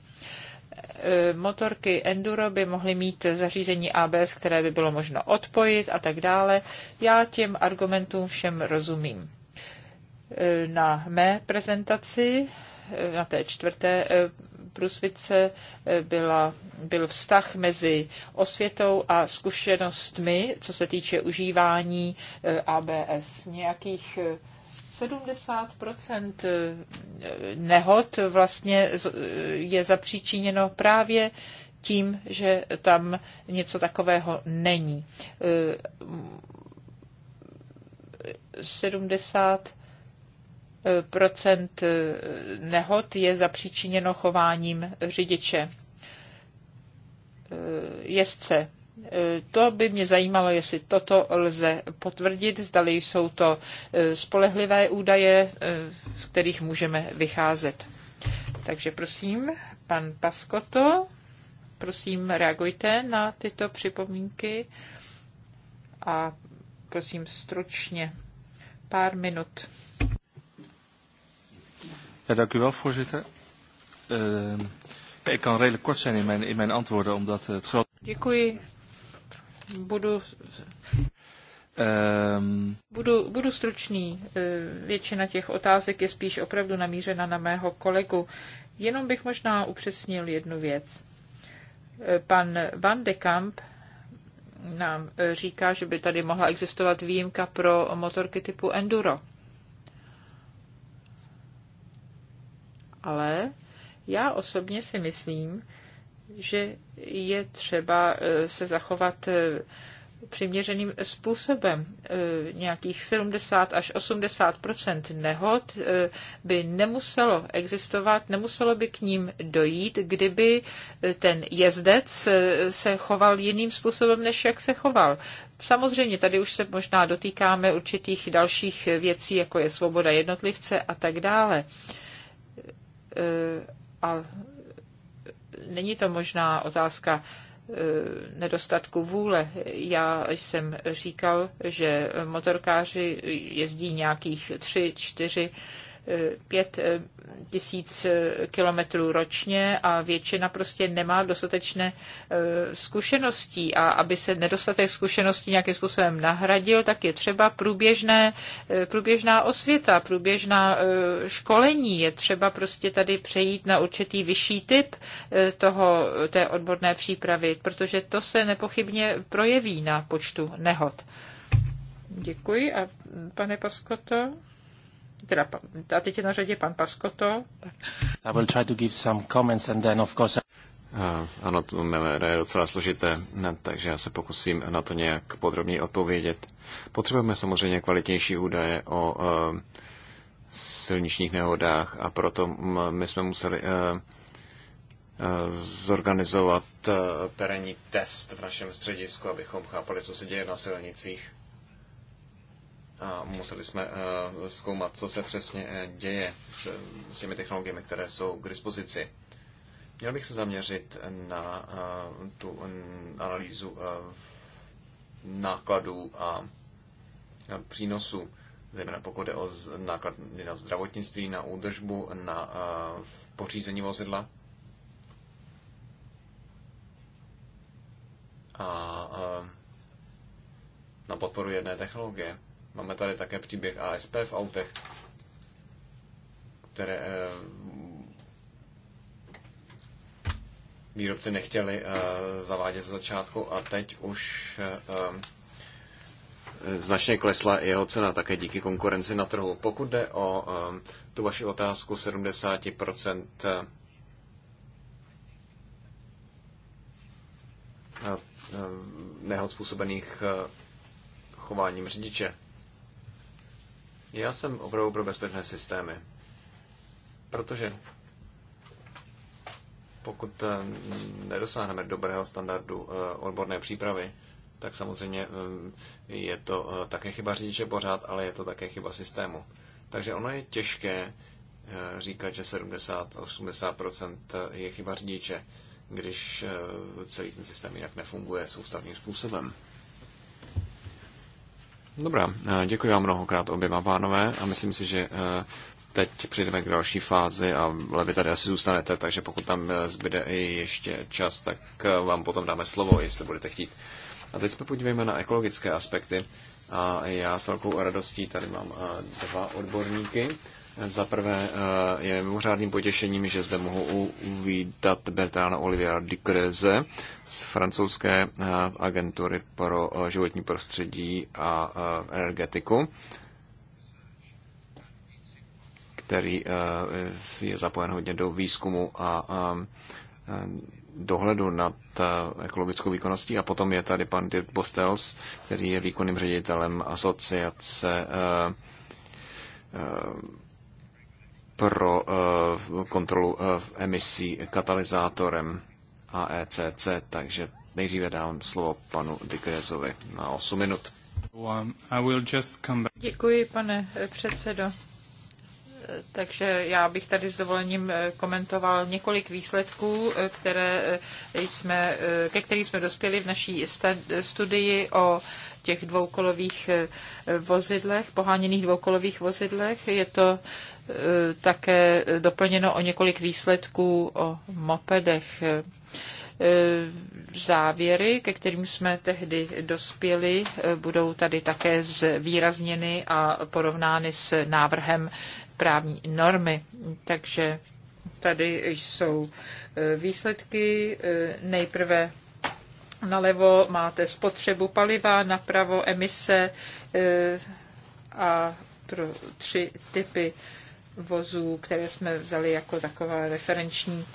eh, motorky enduro by mohly mít zařízení ABS, které by bylo možno odpojit a tak dále. Já těm argumentům všem rozumím. Eh, na mé prezentaci, eh, na té čtvrté eh, průsvice, byla, byl vztah mezi osvětou a zkušenostmi, co se týče užívání ABS. Nějakých 70 nehod vlastně je zapříčiněno právě tím, že tam něco takového není. 70 procent eh, nehod je zapříčiněno chováním řidiče, eh, jezdce. Eh, to by mě zajímalo, jestli toto lze potvrdit, zdali jsou to spolehlivé údaje, z kterých můžeme vycházet. Takže prosím, pan Paskoto, prosím, reagujte na tyto připomínky a prosím stručně, pár minut dank u wel, voorzitter. Uh, ik kan redelijk kort zijn in mijn, in mijn antwoorden, omdat het groot... Děkuji. Budu... Um... Budu, budu stručný. Eh, většina těch otázek je spíš opravdu namířena na mého kolegu. Jenom bych možná upřesnil jednu věc. Eh, pan Van de Kamp nám eh, říká, že by tady mohla existovat výjimka pro motorky typu Enduro. ale já osobně si myslím, že je třeba e, se zachovat e, přiměřeným způsobem. E, nějakých 70 až 80 nehod by nemuselo existovat, nemuselo by k ním dojít, kdyby ten jezdec se choval jiným způsobem, než jak se choval. Samozřejmě tady už se možná dotýkáme určitých dalších věcí, jako je svoboda jednotlivce a tak dále. Eh, a není to možná otázka eh, nedostatku vůle. Já jsem říkal, že motorkáři jezdí nějakých tři, čtyři pět eh, tisíc eh, kilometrů ročně a většina prostě nemá dostatečné eh, zkušeností a aby se nedostatek zkušeností nějakým způsobem nahradil, tak je třeba průběžné, průběžná osvěta, průběžná školení, je třeba prostě tady přejít na určitý vyšší typ toho, té odborné přípravy, protože to se nepochybně projeví na počtu nehod. Děkuji a mm, pane Paskoto teda a teď je na řadě pan Paskoto. I will try to give some comments and then of course... ano, to je docela složité, ne, takže já se pokusím na to nějak podrobněji odpovědět. Potřebujeme samozřejmě kvalitnější údaje o uh, silničních nehodách a proto my jsme museli uh, uh, zorganizovat uh, terénní test v našem středisku, abychom chápali, co se děje na silnicích a museli jsme eh, zkoumat, co se přesně eh, děje s těmi technologiemi, které jsou k dispozici. Měl bych se zaměřit na eh, tu analýzu nákladů a přínosů, zejména pokud jde o náklady na zdravotnictví, na údržbu, na pořízení vozidla. A na podporu jedné technologie. Máme tady také příběh ASP v autech, které eh, výrobci nechtěli eh, zavádět z začátku a teď už eh, značně klesla jeho cena také díky konkurenci na trhu. Pokud jde o tu vaši otázku 70% nehod způsobených chováním řidiče, já jsem opravdu pro bezpečné systémy, protože pokud eh, nedosáhneme dobrého standardu eh, odborné přípravy, tak samozřejmě eh, je to také chyba řidiče pořád, ale je to také chyba systému. Takže ono je těžké říkat, že 70-80% je chyba řidiče, když celý ten systém jinak nefunguje soustavným způsobem. Dobrá, eh, děkuji vám mnohokrát oběma pánové a myslím si, že eh, teď přijdeme k další fázi a vy tady asi zůstanete, takže pokud tam eh, zbyde i ještě čas, tak vám potom dáme slovo, jestli budete chtít. A teď se podívejme na ekologické aspekty. A já s velkou radostí tady mám dva odborníky. Za prvé eh, je mimořádným potěšením, že zde mohu uvídat Bertrana de Dicreze z francouzské eh, agentury pro eh, životní prostředí a energetiku, který je zapojen hodně do výzkumu a dohledu nad ekologickou výkonností. A potom je tady pan Dirk Bostels, který je výkonným ředitelem asociace pro eh, kontrolu eh, emisí katalyzátorem AECC, takže nejdříve dám slovo panu Dikrezovi na 8 minut. Um, Děkuji, pane eh, předsedo. Takže já bych tady s dovolením komentoval několik výsledků, které jsme, ke kterým jsme dospěli v naší studii o těch dvoukolových eh, vozidlech, poháněných dvoukolových vozidlech. Je to eh, také doplněno o několik výsledků o mopedech. Eh, závěry, ke kterým jsme tehdy dospěli, budou tady také zvýrazněny a porovnány s návrhem právní normy. Takže tady jsou výsledky. Nejprve Nalevo máte spotřebu paliva, napravo emise eh, a pro tři typy vozů, které jsme vzali jako taková referenční,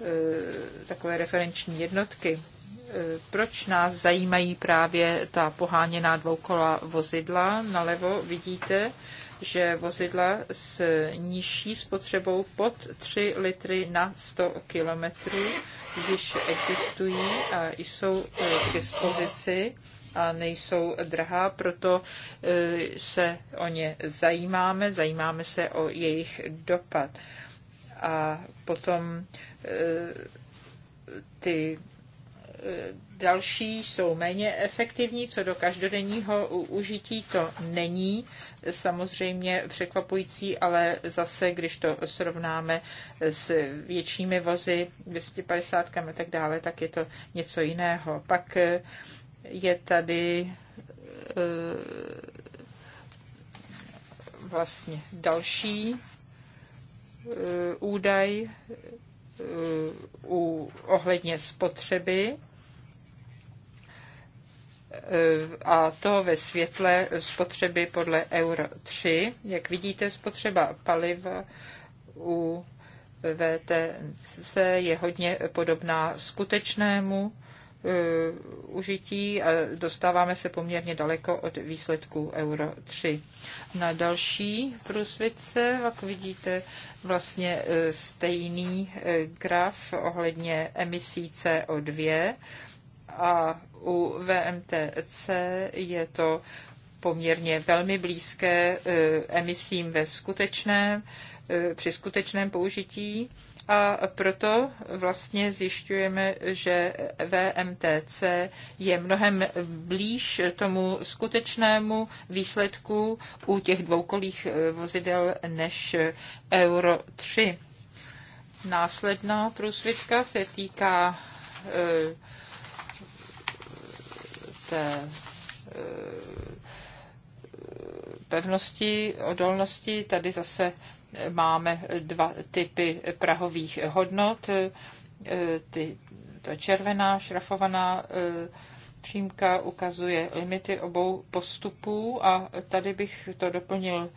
eh, takové referenční jednotky. Eh, proč nás zajímají právě ta poháněná dvoukola vozidla? Nalevo vidíte, že vozidla s nižší spotřebou pod 3 litry na 100 kilometrů již existují a jsou e, k dispozici a nejsou drahá, proto e, se o ně zajímáme, zajímáme se o jejich dopad. A potom e, ty další jsou méně efektivní, co do každodenního užití to není samozřejmě překvapující, ale zase, když to srovnáme s většími vozy, 250 a tak dále, tak je to něco jiného. Pak eh, je tady eh, vlastně další eh, údaj u, ohledně spotřeby a to ve světle spotřeby podle Euro 3. Jak vidíte, spotřeba paliv u VTC je hodně podobná skutečnému eh, užití a dostáváme se poměrně daleko od výsledků Euro 3. Na další průsvědce, jak vidíte, vlastně eh, stejný eh, graf ohledně emisí CO2 a u VMTC je to poměrně velmi blízké e, emisím ve skutečném, e, při skutečném použití a proto vlastně zjišťujeme, že VMTC je mnohem blíž tomu skutečnému výsledku u těch dvoukolých e, vozidel než Euro 3. Následná průsvědka se týká té eh, pevnosti, odolnosti. Tady zase máme dva typy prahových hodnot. Eh, ty, ta červená šrafovaná eh, přímka ukazuje limity obou postupů a tady bych to doplnil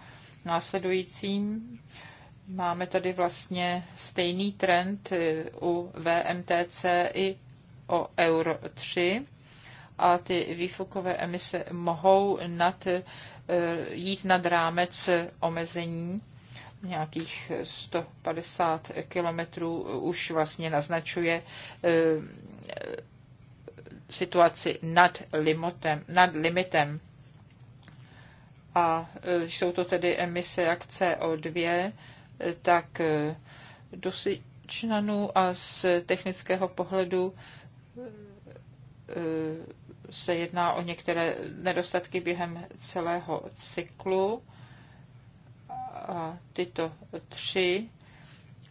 následujícím. Máme tady vlastně stejný trend u VMTC i o Euro 3 a ty výfukové emise mohou nad, eh, jít nad rámec omezení nějakých 150 kilometrů už vlastně naznačuje eh, situaci nad, limitem, nad limitem. A eh, jsou to tedy emise jak CO2, tak dosyčnanů a z technického pohledu se jedná o některé nedostatky během celého cyklu. A tyto tři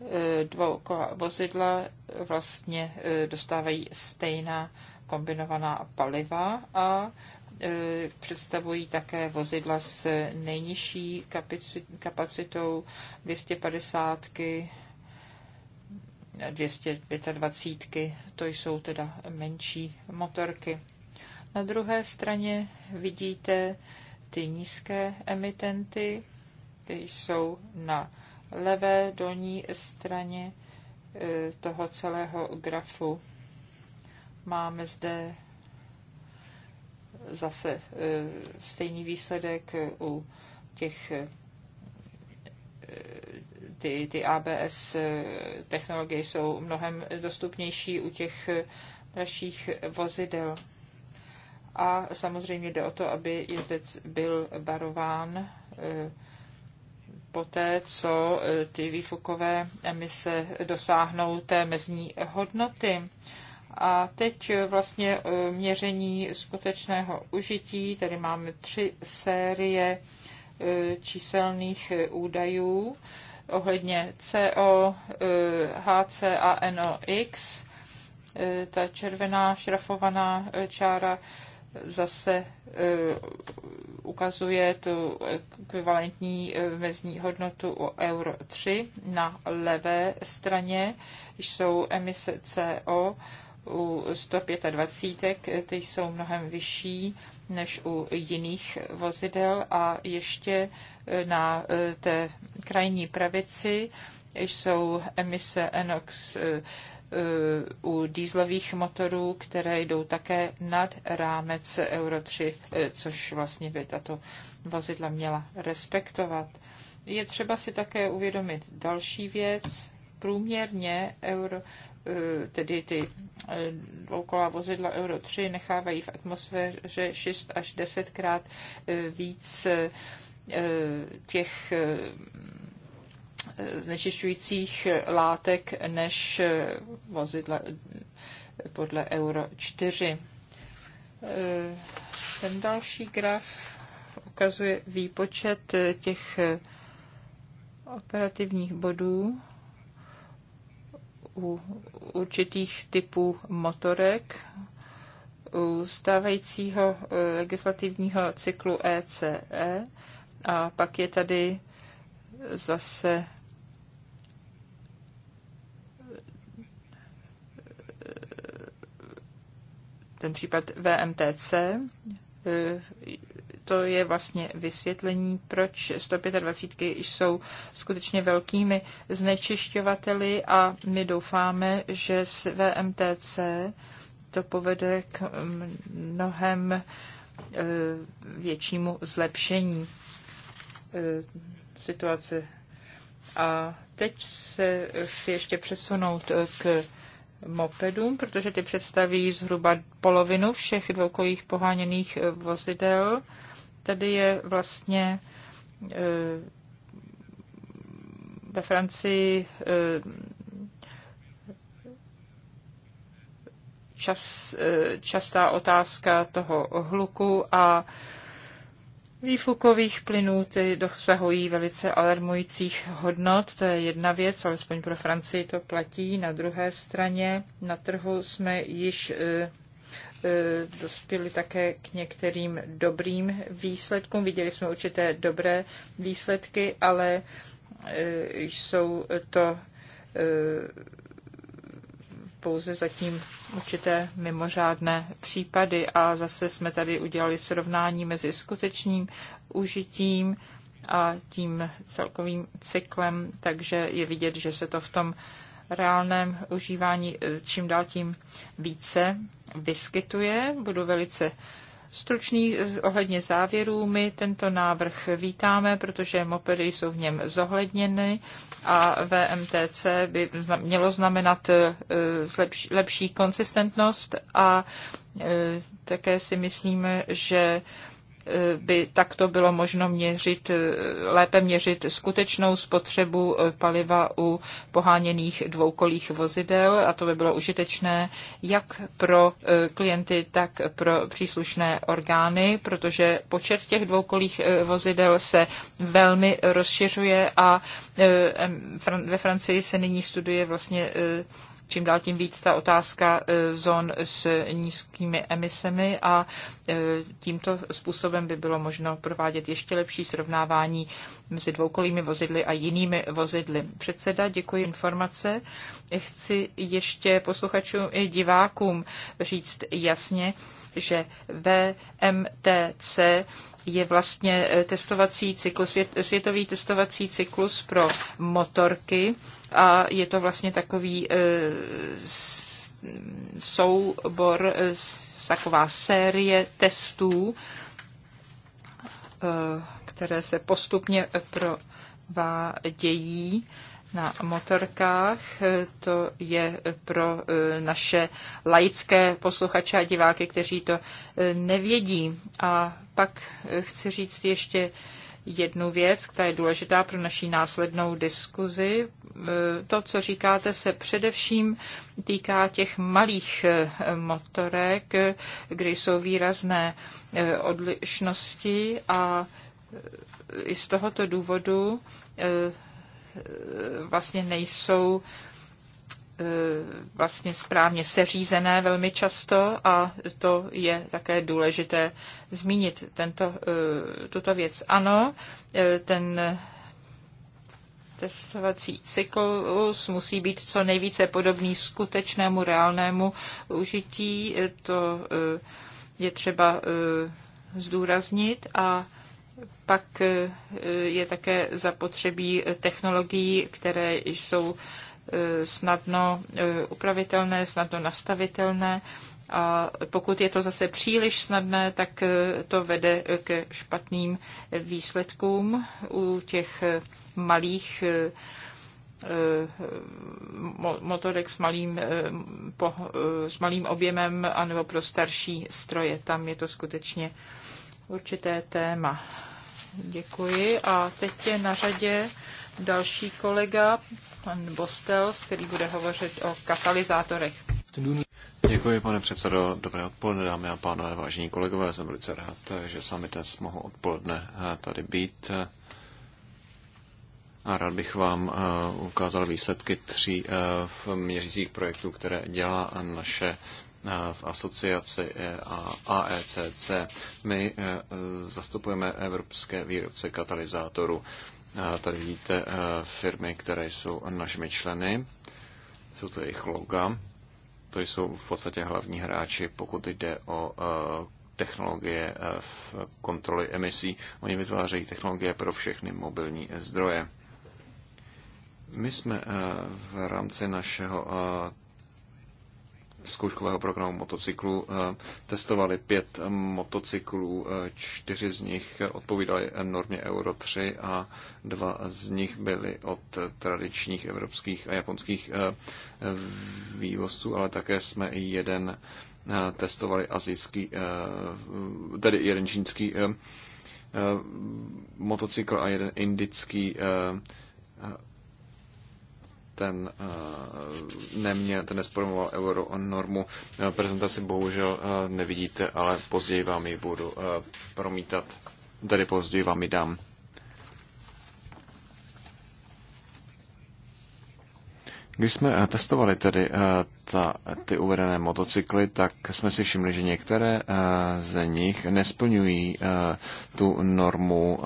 eh, dvoukola vozidla vlastně eh, dostávají stejná kombinovaná paliva a eh, představují také vozidla s nejnižší kapacitou 250 225. To jsou teda menší motorky. Na druhé straně vidíte ty nízké emitenty, ty jsou na levé dolní straně eh, toho celého grafu. Máme zde zase eh, stejný výsledek u těch eh, ty, ty ABS technologie jsou mnohem dostupnější u těch dražších vozidel a samozřejmě jde o to, aby jezdec byl barován eh, poté, co eh, ty výfukové emise dosáhnou té mezní hodnoty. A teď eh, vlastně měření skutečného užití. Tady máme tři série číselných údajů ohledně CO, HC a NOx. Ta červená šrafovaná čára zase e, ukazuje tu ekvivalentní e, mezní hodnotu o euro 3. Na levé straně jsou emise CO u 125, ty jsou mnohem vyšší než u jiných vozidel a ještě e, na té krajní pravici jsou emise NOx u dýzlových motorů, které jdou také nad rámec Euro 3, eh, což vlastně by tato vozidla měla respektovat. Je třeba si také uvědomit další věc. Průměrně euro, eh, tedy ty eh, dvoukolá vozidla Euro 3 nechávají v atmosféře 6 až 10 krát víc těch znečišťujících látek než vozidla podle Euro 4. Ten další graf ukazuje výpočet těch operativních bodů u určitých typů motorek u stávajícího legislativního cyklu ECE. E. A pak je tady zase ten případ VMTC. To je vlastně vysvětlení, proč 125 jsou skutečně velkými znečišťovateli a my doufáme, že s VMTC to povede k mnohem eh, většímu zlepšení eh, situaci A teď se chci ještě přesunout k mopedům, protože ty představí zhruba polovinu všech dvoukojích poháněných vozidel. Tady je vlastně eh, ve Francii eh, čas, eh, častá otázka toho hluku a Výfukových plynů ty dosahují velice alarmujících hodnot, to je jedna věc, alespoň pro Francii to platí. Na druhé straně na trhu jsme již e, e, dospěli také k některým dobrým výsledkům. Viděli jsme určité dobré výsledky, ale e, jsou to pouze zatím určité mimořádné případy a zase jsme tady udělali srovnání mezi skutečným užitím a tím celkovým cyklem, takže je vidět, že se to v tom reálném užívání eh, čím dál tím více vyskytuje. Budu velice Stručný eh, ohledně závěrů, my tento návrh vítáme, protože mopedy jsou v něm zohledněny a VMTC by mělo znamenat eh, lepší konsistentnost a eh, také si myslíme, že by takto bylo možno měřit, lépe měřit skutečnou spotřebu paliva u poháněných dvoukolých vozidel a to by bylo užitečné jak pro e, klienty, tak pro příslušné orgány, protože počet těch dvoukolých e, vozidel se velmi rozšiřuje a e, ve Francii se nyní studuje vlastně čím dál tím víc ta otázka e, zón s nízkými emisemi a e, tímto způsobem by bylo možno provádět ještě lepší srovnávání mezi dvoukolými vozidly a jinými vozidly. Předseda, děkuji informace. Chci ještě posluchačům i divákům říct jasně, že VMTC je vlastně eh, testovací cyklus, světový testovací cyklus pro motorky a je to vlastně takový eh, soubor, eh, taková série testů, které se postupně provádějí na motorkách. To je pro e, naše laické posluchače a diváky, kteří to e, nevědí. A pak e, chci říct ještě jednu věc, která je důležitá pro naší následnou diskuzi. To, co říkáte, se především týká těch malých motorek, kde jsou výrazné odlišnosti a i z tohoto důvodu Eh, vlastně nejsou eh, vlastně správně seřízené velmi často a to je také důležité zmínit tento, eh, tuto věc. Ano, ten testovací cyklus musí být co nejvíce podobný skutečnému reálnému užití. To je třeba zdůraznit a pak eh, je také zapotřebí technologií, které jsou eh, snadno eh, upravitelné, snadno nastavitelné. A pokud je to zase příliš snadné, tak to vede ke špatným výsledkům u těch malých motorek s malým, s malým objemem anebo pro starší stroje. Tam je to skutečně určité téma. Děkuji a teď je na řadě další kolega, pan Bostels, který bude hovořit o katalyzátorech. Děkuji, pane předsedo. Dobré odpoledne, dámy a pánové, vážení kolegové. Jsem velice rád, že s vámi dnes mohu odpoledne eh, tady být. A rád bych vám eh, ukázal výsledky tří eh, v měřících projektů, které dělá naše Eh, v asociaci e AECC. My eh, zastupujeme evropské výrobce katalyzátorů. Tady vidíte eh, firmy, které jsou našimi členy. Jsou to jejich loga. To jsou v podstatě hlavní hráči, pokud jde o technologie v kontroli emisí. Oni vytvářejí technologie pro všechny mobilní zdroje. My jsme v rámci našeho zkouškového programu motocyklu eh, testovali pět motocyklů, eh, čtyři z nich odpovídali normě Euro 3 a dva z nich byly od tradičních evropských a japonských eh, vývozců, ale také jsme i jeden testovali azijský, tedy jeden čínský motocykl a jeden indický ten eh, neměl, ten nesformoval euro normu. Eh, prezentaci bohužel eh, nevidíte, ale později vám ji budu promítat. Tady později vám ji dám. Když jsme testovali tedy ta, ty uvedené motocykly, tak jsme si všimli, že některé z nich nesplňují tu normu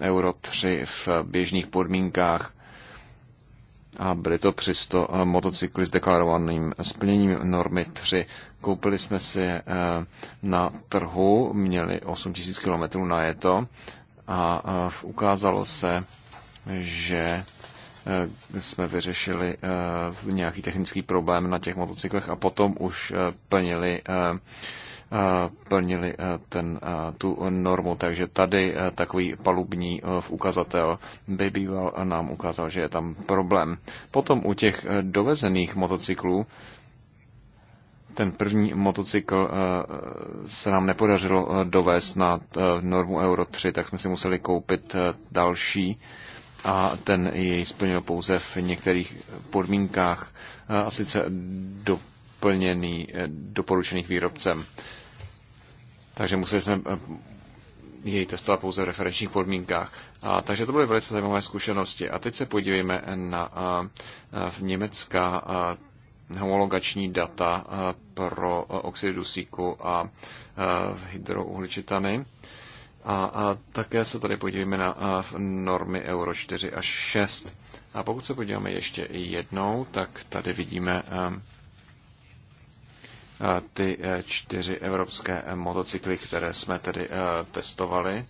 Euro 3 v běžných podmínkách a byly to přesto eh, motocykly s deklarovaným splněním normy 3. Koupili jsme si eh, na trhu, měli 8000 km na to a eh, ukázalo se, že jsme vyřešili nějaký technický problém na těch motocyklech a potom už plnili plnili ten, tu normu. Takže tady takový palubní ukazatel by býval nám ukázal, že je tam problém. Potom u těch dovezených motocyklů ten první motocykl se nám nepodařilo dovést na normu Euro 3, tak jsme si museli koupit další a ten jej splnil pouze v některých podmínkách a sice doplněný, doporučených výrobcem. Takže museli jsme eh, jej testovat pouze v referenčních podmínkách. A, takže to byly velice zajímavé zkušenosti. A teď se podívejme na a, a, v německá a, homologační data a, pro a, oxidy dusíku a, a hydrouhličitany. A, a také se tady podívejme na a, normy Euro 4 až 6. A pokud se podíváme ještě jednou, tak tady vidíme a, ty eh, čtyři evropské eh, motocykly, které jsme tedy eh, testovali.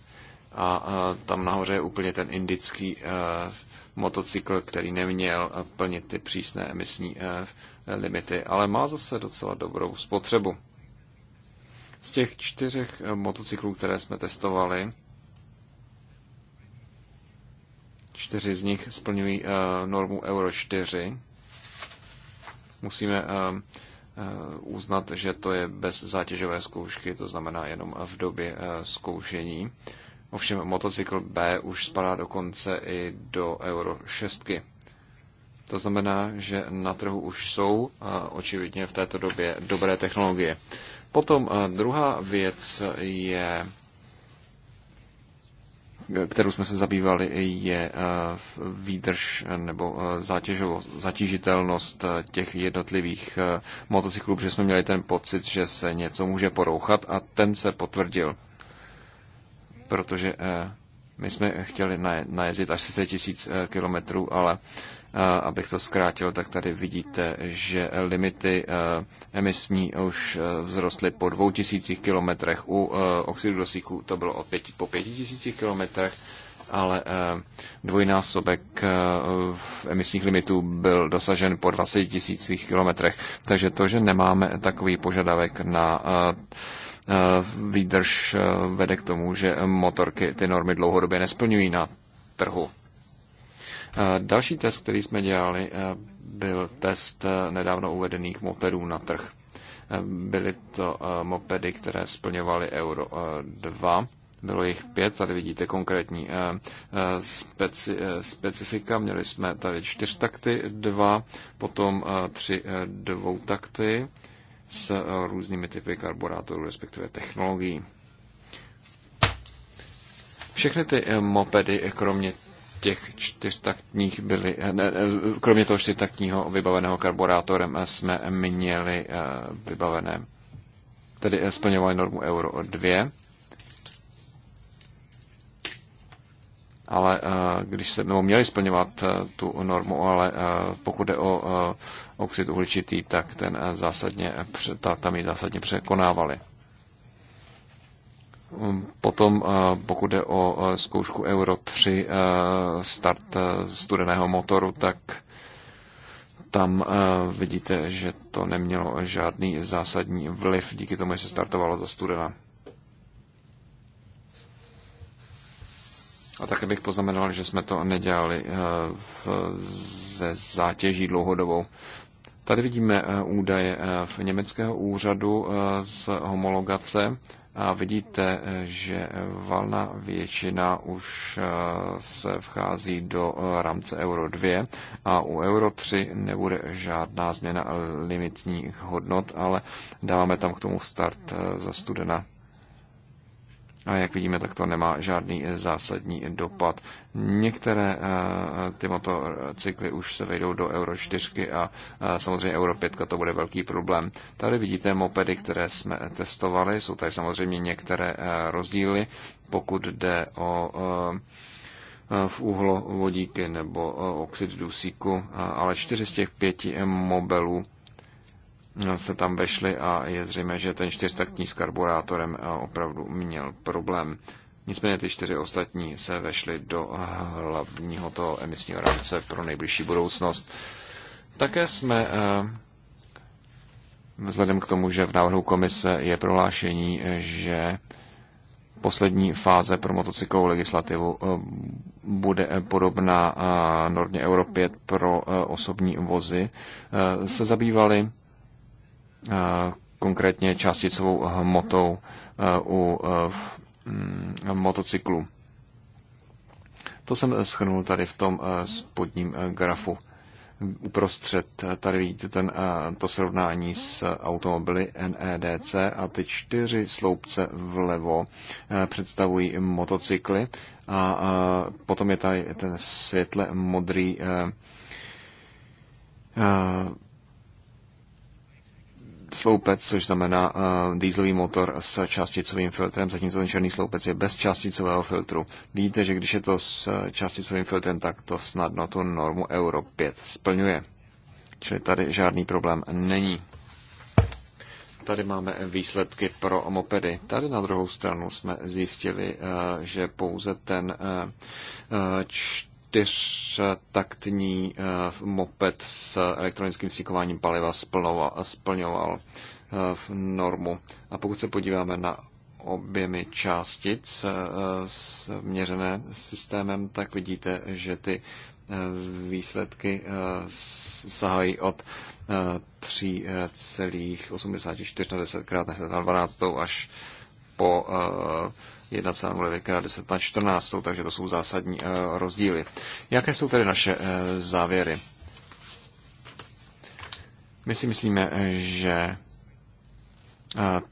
A tam nahoře je úplně ten indický motocykl, který neměl plnit ty přísné emisní limity, ale má zase docela dobrou spotřebu. Z těch čtyřech motocyklů, které jsme testovali, čtyři z nich splňují normu Euro 4. Musíme Eh, uznat, že to je bez zátěžové zkoušky, to znamená jenom v době eh, zkoušení. Ovšem motocykl B už spadá dokonce i do Euro 6. To znamená, že na trhu už jsou eh, očividně v této době dobré technologie. Potom druhá věc je kterou jsme se zabývali, je eh, výdrž eh, nebo eh, zatížitelnost těch jednotlivých motocyklů, protože jsme měli ten pocit, že se něco může porouchat a ten se potvrdil. Protože my jsme chtěli najezdit až 30 tisíc kilometrů, ale Abych to zkrátil, tak tady vidíte, že limity eh, emisní už eh, vzrostly po 2000 kilometrech. U eh, oxidu dosíku to bylo o po 5000 kilometrech ale dvojnásobek emisních limitů byl dosažen po 20 tisících kilometrech. Takže to, že nemáme takový požadavek na výdrž, vede k tomu, že motorky ty normy dlouhodobě nesplňují na trhu. Další test, který jsme dělali, eh, byl test eh, nedávno uvedených mopedů na trh. Eh, byly to mopedy, které splňovaly Euro 2. Bylo jich pět, tady vidíte konkrétní speci, specifika. Měli jsme tady čtyř takty, dva, potom tři dvou takty s různými typy karburátorů, respektive technologií. Všechny ty mopedy, kromě těch čtyřtaktních byly, eh, ne, eh, kromě toho čtyřtaktního vybaveného karburátorem eh, jsme měli vybavené, tedy splňovali normu Euro 2. ale když se, nebo měli splňovat tu normu, ale pokud je o oxid uhličitý, tak ten zásadně, ta, tam ji zásadně překonávali. Um, potom, uh, pokud jde o uh, zkoušku Euro 3, uh, start studeného motoru, tak tam vidíte, že to nemělo žádný zásadní vliv díky tomu, že se startovalo za studena. A také bych poznamenal, že jsme to nedělali v, ze zátěží dlouhodobou. Tady vidíme údaje v německého úřadu z homologace a vidíte, že valná většina už eh, se vchází do eh, rámce Euro 2 a u Euro 3 nebude žádná změna limitních hodnot, ale dáváme tam k tomu start eh, za studena a jak vidíme, tak to nemá žádný zásadní dopad. Některé eh, ty motocykly už se vejdou do Euro 4 a eh, samozřejmě Euro 5 to bude velký problém. Tady vidíte mopedy, které jsme testovali. Jsou tady samozřejmě některé eh, rozdíly, pokud jde o v vodíky nebo oxid dusíku, ale čtyři z těch pěti mobilů se tam vešly a je zřejmé, že ten čtyřtaktní s karburátorem eh, opravdu měl problém. Nicméně ty čtyři ostatní se vešly do eh, hlavního toho emisního rámce pro nejbližší budoucnost. Také jsme eh, vzhledem k tomu, že v návrhu komise je prohlášení, že poslední fáze pro motocyklovou legislativu bude podobná normě Evropě pro osobní vozy, se zabývali konkrétně částicovou hmotou u mm, motocyklu. To jsem schrnul tady v tom spodním grafu. Uprostřed tady vidíte ten, to srovnání s automobily NEDC a ty čtyři sloupce vlevo představují motocykly a potom je tady ten světle modrý sloupec, což znamená uh, dýzlový motor s částicovým filtrem, zatímco ten černý sloupec je bez částicového filtru. Víte, že když je to s částicovým filtrem, tak to snadno tu normu Euro 5 splňuje. Čili tady žádný problém není. Tady máme výsledky pro mopedy. Tady na druhou stranu jsme zjistili, eh, že pouze ten eh, čtyřtaktní eh, moped s elektronickým síkováním paliva splňoval eh, v normu. A pokud se podíváme na objemy částic eh, měřené systémem, tak vidíte, že ty výsledky sahají od 3,84 na 10 krát na 12 až po 1,09 10 na 14, takže to jsou zásadní eh, rozdíly. Jaké jsou tedy naše eh, závěry? My si myslíme, eh, že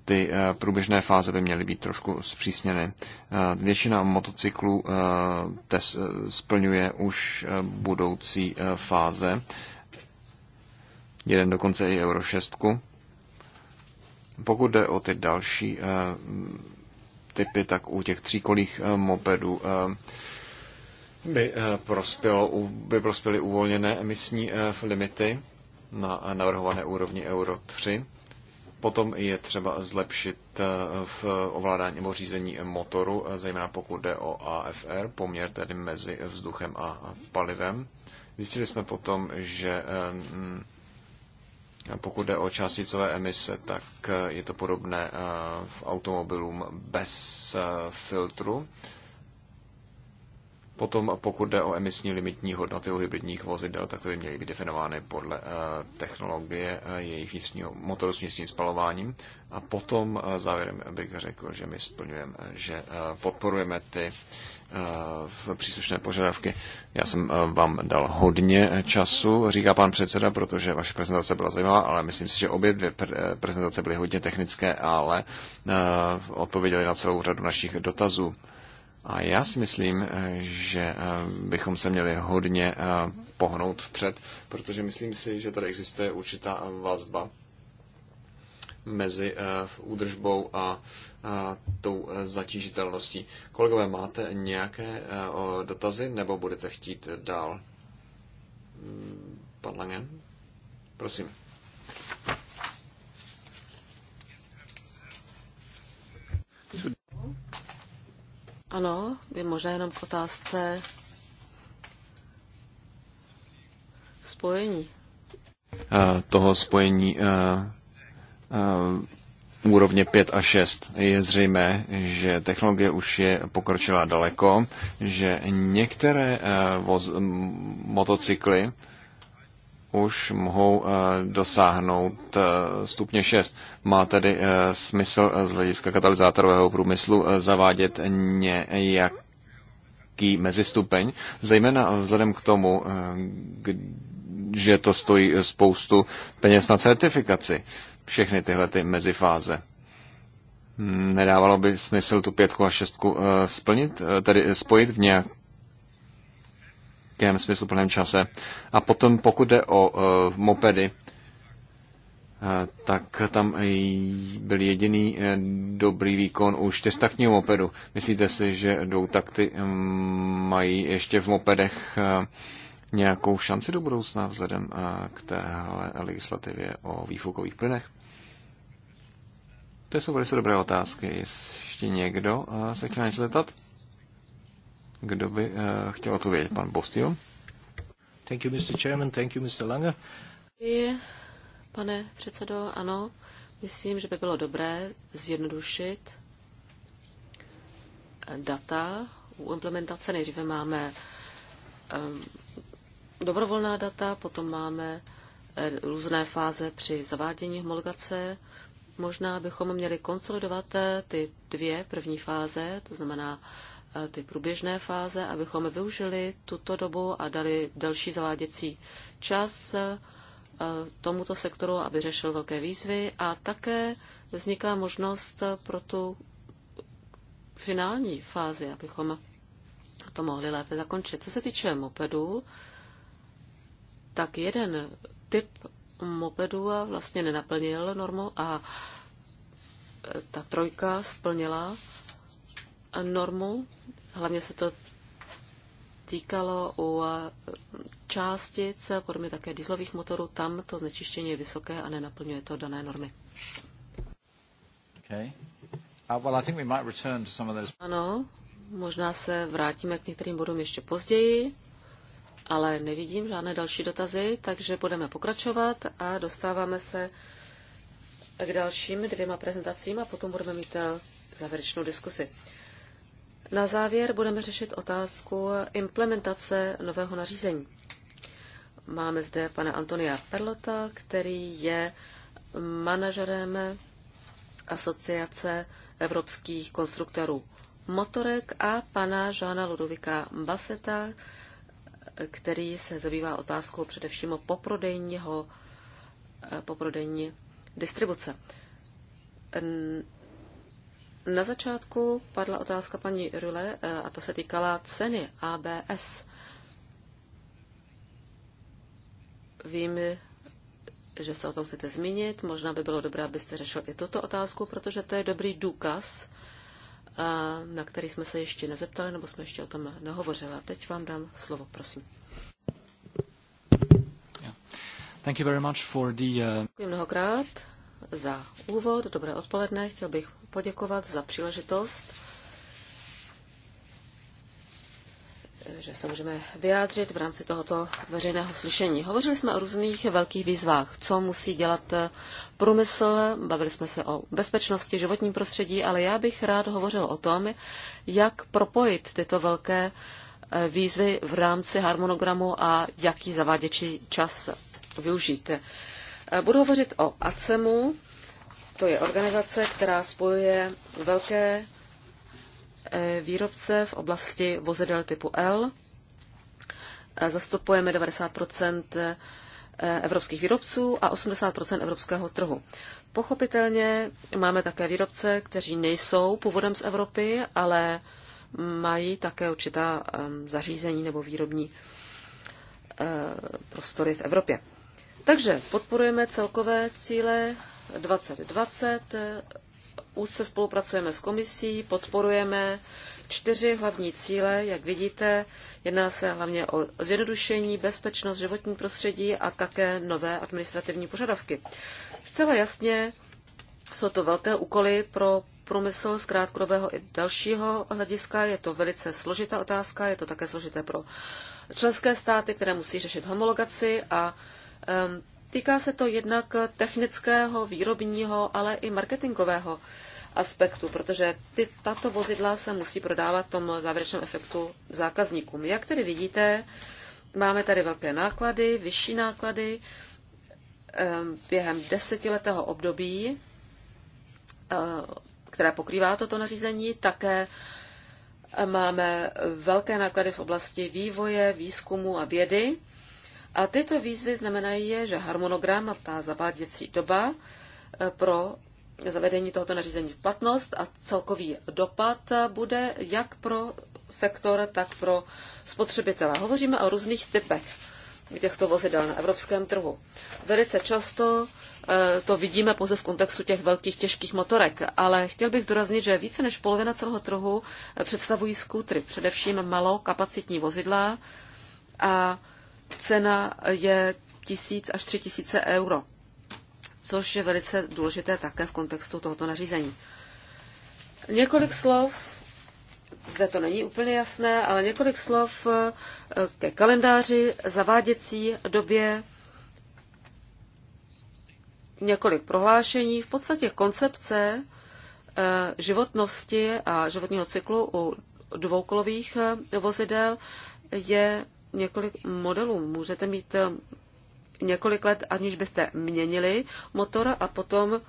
ty průběžné fáze by měly být trošku zpřísněny. Většina motocyklů splňuje už budoucí fáze, jeden dokonce i Euro 6. Pokud jde o ty další typy, tak u těch tříkolých eh, mopedů eh, by, eh, prospělo, by prospěly uvolněné emisní limity na navrhované úrovni Euro 3. Potom je třeba zlepšit v ovládání nebo řízení motoru, zejména pokud jde o AFR, poměr tedy mezi vzduchem a palivem. Zjistili jsme potom, že pokud jde o částicové emise, tak eh, je to podobné eh, v automobilům bez eh, filtru. Potom, pokud jde o emisní limitní hodnoty u hybridních vozidel, tak to by měly být definovány podle technologie jejich vnitřního, motoru s vnitřním spalováním. A potom závěrem bych řekl, že my splňujeme, že podporujeme ty v příslušné požadavky. Já jsem eh, vám dal hodně času, říká pan předseda, protože vaše prezentace byla zajímavá, ale myslím si, že obě dvě eh, prezentace byly hodně technické, ale eh, odpověděly na celou řadu našich dotazů. A já si myslím, že bychom se měli hodně pohnout vpřed, protože myslím si, že tady existuje určitá vazba mezi údržbou a tou e, zatížitelností. Kolegové, máte nějaké e, dotazy nebo budete chtít dál? Pan Langen, prosím. Ano, je možná jenom k otázce spojení. Uh, toho spojení uh, uh úrovně 5 a 6. Je zřejmé, že technologie už je pokročila daleko, že některé eh, voz, motocykly už mohou eh, dosáhnout eh, stupně 6. Má tedy smysl z hlediska katalyzátorového průmyslu zavádět nějaký mezistupeň, zejména vzhledem k tomu, že to stojí spoustu peněz na certifikaci všechny tyhle ty mezifáze. Nedávalo by smysl tu pětku a šestku eh, splnit, eh, tedy spojit v nějak nějakém smysluplném čase. A potom pokud jde o uh, mopedy, uh, tak tam byl jediný uh, dobrý výkon u čtyřtaktního mopedu. Myslíte si, že dvoutakty um, mají ještě v mopedech uh, nějakou šanci do budoucna vzhledem uh, k téhle legislativě o výfukových plynech? To jsou velice dobré otázky. Ještě někdo eh, se chtěl něco zeptat? Kdo by eh, chtěl odpovědět? Pan Bostil? Thank you, Mr. Chairman. Thank you, Mr. Lange. Pane předsedo, ano, myslím, že by bylo dobré zjednodušit eh, data u implementace. Nejdříve máme ehm, dobrovolná data, potom máme různé fáze při zavádění homologace, Možná bychom měli konsolidovat eh, ty dvě první fáze, to znamená eh, ty průběžné fáze, abychom využili tuto dobu a dali další zaváděcí čas eh, tomuto sektoru, aby řešil velké výzvy a také vzniká možnost pro tu finální fázi, abychom to mohli lépe zakončit. Co se týče mopedů, tak jeden typ Mopedu a vlastně nenaplnil normu a e, ta trojka splnila normu. Hlavně se to týkalo u e, částic, podobně také dieselových motorů, tam to znečištění je vysoké a nenaplňuje to dané normy. Okay. Uh, well, I think we might return to some of those... Ano, možná se vrátíme k některým bodům ještě později ale nevidím žádné další dotazy, takže budeme pokračovat a dostáváme se k dalším dvěma prezentacím a potom budeme mít eh, závěrečnou diskusi. Na závěr budeme řešit otázku implementace nového nařízení. Máme zde pana Antonia Perlota, který je manažerem Asociace evropských konstruktorů motorek a pana Žána Ludovika Baseta, který se zabývá otázkou především o poprodejního, eh, poprodejní distribuce. Na začátku padla otázka paní Rule eh, a ta se týkala ceny ABS. Vím, že se o tom chcete zmínit. Možná by bylo dobré, abyste řešil i tuto otázku, protože to je dobrý důkaz na který jsme se ještě nezeptali, nebo jsme ještě o tom nehovořili. A teď vám dám slovo, prosím. Thank you very much for the, uh... Děkuji mnohokrát za úvod. Dobré odpoledne. Chtěl bych poděkovat za příležitost že se můžeme vyjádřit v rámci tohoto veřejného slyšení. Hovořili jsme o různých velkých výzvách, co musí dělat eh, průmysl, bavili jsme se o bezpečnosti, životním prostředí, ale já bych rád hovořil o tom, jak propojit tyto velké eh, výzvy v rámci harmonogramu a jaký zaváděčí čas využít. Eh, budu hovořit o ACEMu, to je organizace, která spojuje velké Eh, výrobce v oblasti vozidel typu L. Eh, zastupujeme 90 eh, evropských výrobců a 80 evropského trhu. Pochopitelně máme také výrobce, kteří nejsou původem z Evropy, ale mají také určitá ehm, zařízení nebo výrobní prostory v Evropě. Takže podporujeme celkové cíle 2020, úzce spolupracujeme s komisí, podporujeme čtyři hlavní cíle. Jak vidíte, jedná se hlavně o zjednodušení, bezpečnost, životní prostředí a také nové administrativní požadavky. Zcela jasně jsou to velké úkoly pro průmysl z krátkodobého i dalšího hlediska. Je to velice složitá otázka, je to také složité pro členské státy, které musí řešit homologaci a Týká se to jednak technického, výrobního, ale i marketingového aspektu, protože ty, tato vozidla se musí prodávat tom závěrečném efektu zákazníkům. Jak tedy vidíte, máme tady velké náklady, vyšší náklady ehm, během desetiletého období, eh, které pokrývá toto nařízení, také máme velké náklady v oblasti vývoje, výzkumu a vědy. A tyto výzvy znamenají, že harmonogram a ta zaváděcí doba eh, pro zavedení tohoto nařízení v platnost a celkový dopad eh, bude jak pro sektor, tak pro spotřebitele. Hovoříme o různých typech těchto vozidel na evropském trhu. Velice často eh, to vidíme pouze v kontextu těch velkých těžkých motorek, ale chtěl bych zdůraznit, že více než polovina celého trhu představují skútry, především malokapacitní vozidla a cena je tisíc až tisíce euro, což je velice důležité také v kontextu tohoto nařízení. Několik slov, zde to není úplně jasné, ale několik slov eh, ke kalendáři, zaváděcí době, několik prohlášení, v podstatě koncepce eh, životnosti a životního cyklu u dvoukolových eh, vozidel je několik modelů. Můžete mít eh, několik let, aniž byste měnili motor a potom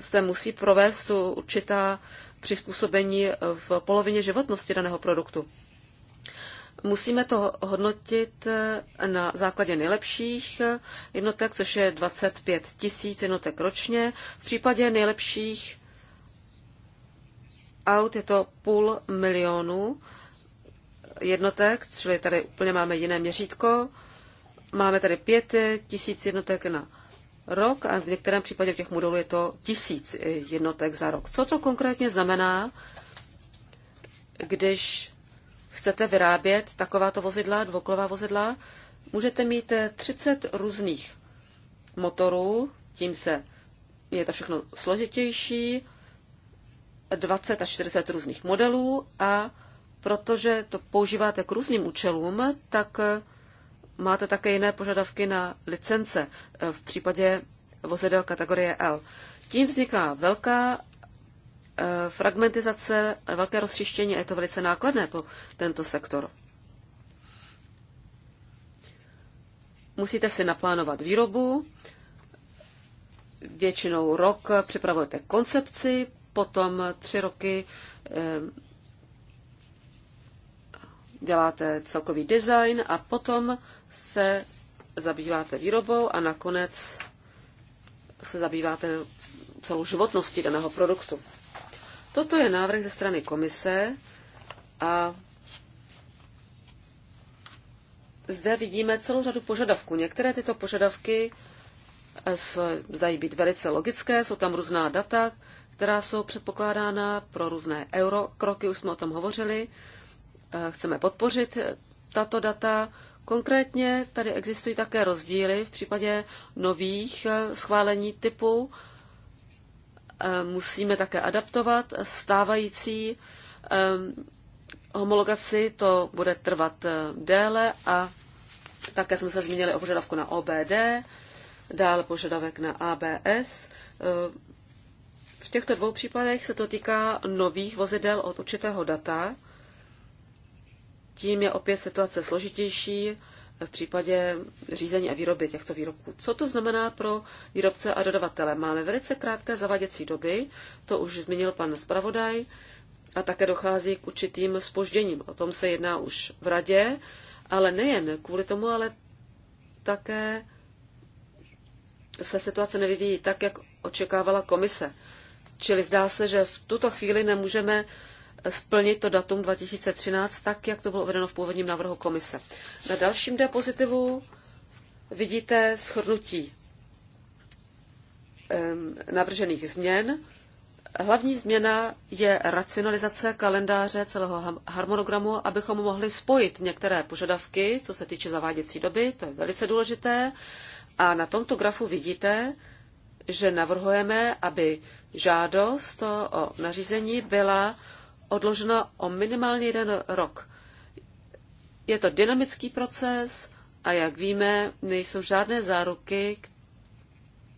se musí provést určitá přizpůsobení v polovině životnosti daného produktu. Musíme to hodnotit eh, na základě nejlepších eh, jednotek, což je 25 tisíc jednotek ročně. V případě nejlepších aut je to půl milionu jednotek, čili tady úplně máme jiné měřítko. Máme tady pět tisíc jednotek na rok a v některém případě v těch modulů je to tisíc jednotek za rok. Co to konkrétně znamená, když chcete vyrábět takováto vozidla, dvoukolová vozidla? Můžete mít 30 různých motorů, tím se je to všechno složitější, 20 až 40 různých modelů a protože to používáte k různým účelům, tak eh, máte také jiné požadavky na licence eh, v případě vozidel kategorie L. Tím vzniká velká eh, fragmentizace, velké rozčištění a je to velice nákladné pro tento sektor. Musíte si naplánovat výrobu, většinou rok připravujete koncepci, potom tři roky děláte celkový design a potom se zabýváte výrobou a nakonec se zabýváte celou životností daného produktu. Toto je návrh ze strany komise a zde vidíme celou řadu požadavků. Některé tyto požadavky eh, se zdají být velice logické, jsou tam různá data, která jsou předpokládána pro různé eurokroky, už jsme o tom hovořili. Eh, chceme podpořit eh, tato data. Konkrétně tady existují také rozdíly v případě nových eh, schválení typu. Musíme také adaptovat stávající homologaci, to bude trvat déle a také jsme se zmínili o požadavku na OBD, dále požadavek na ABS. V těchto dvou případech se to týká nových vozidel od určitého data, tím je opět situace složitější v případě řízení a výroby těchto výrobků. Co to znamená pro výrobce a dodavatele? Máme velice krátké zaváděcí doby, to už zmínil pan zpravodaj, a také dochází k určitým spožděním. O tom se jedná už v radě, ale nejen kvůli tomu, ale také se situace nevyvíjí tak, jak očekávala komise. Čili zdá se, že v tuto chvíli nemůžeme splnit to datum 2013 tak, jak to bylo uvedeno v původním návrhu komise. Na dalším depozitivu vidíte shrnutí navržených změn. Hlavní změna je racionalizace kalendáře celého harmonogramu, abychom mohli spojit některé požadavky, co se týče zaváděcí doby, to je velice důležité. A na tomto grafu vidíte, že navrhujeme, aby žádost o nařízení byla odloženo o minimálně jeden rok. Je to dynamický proces a jak víme, nejsou žádné záruky,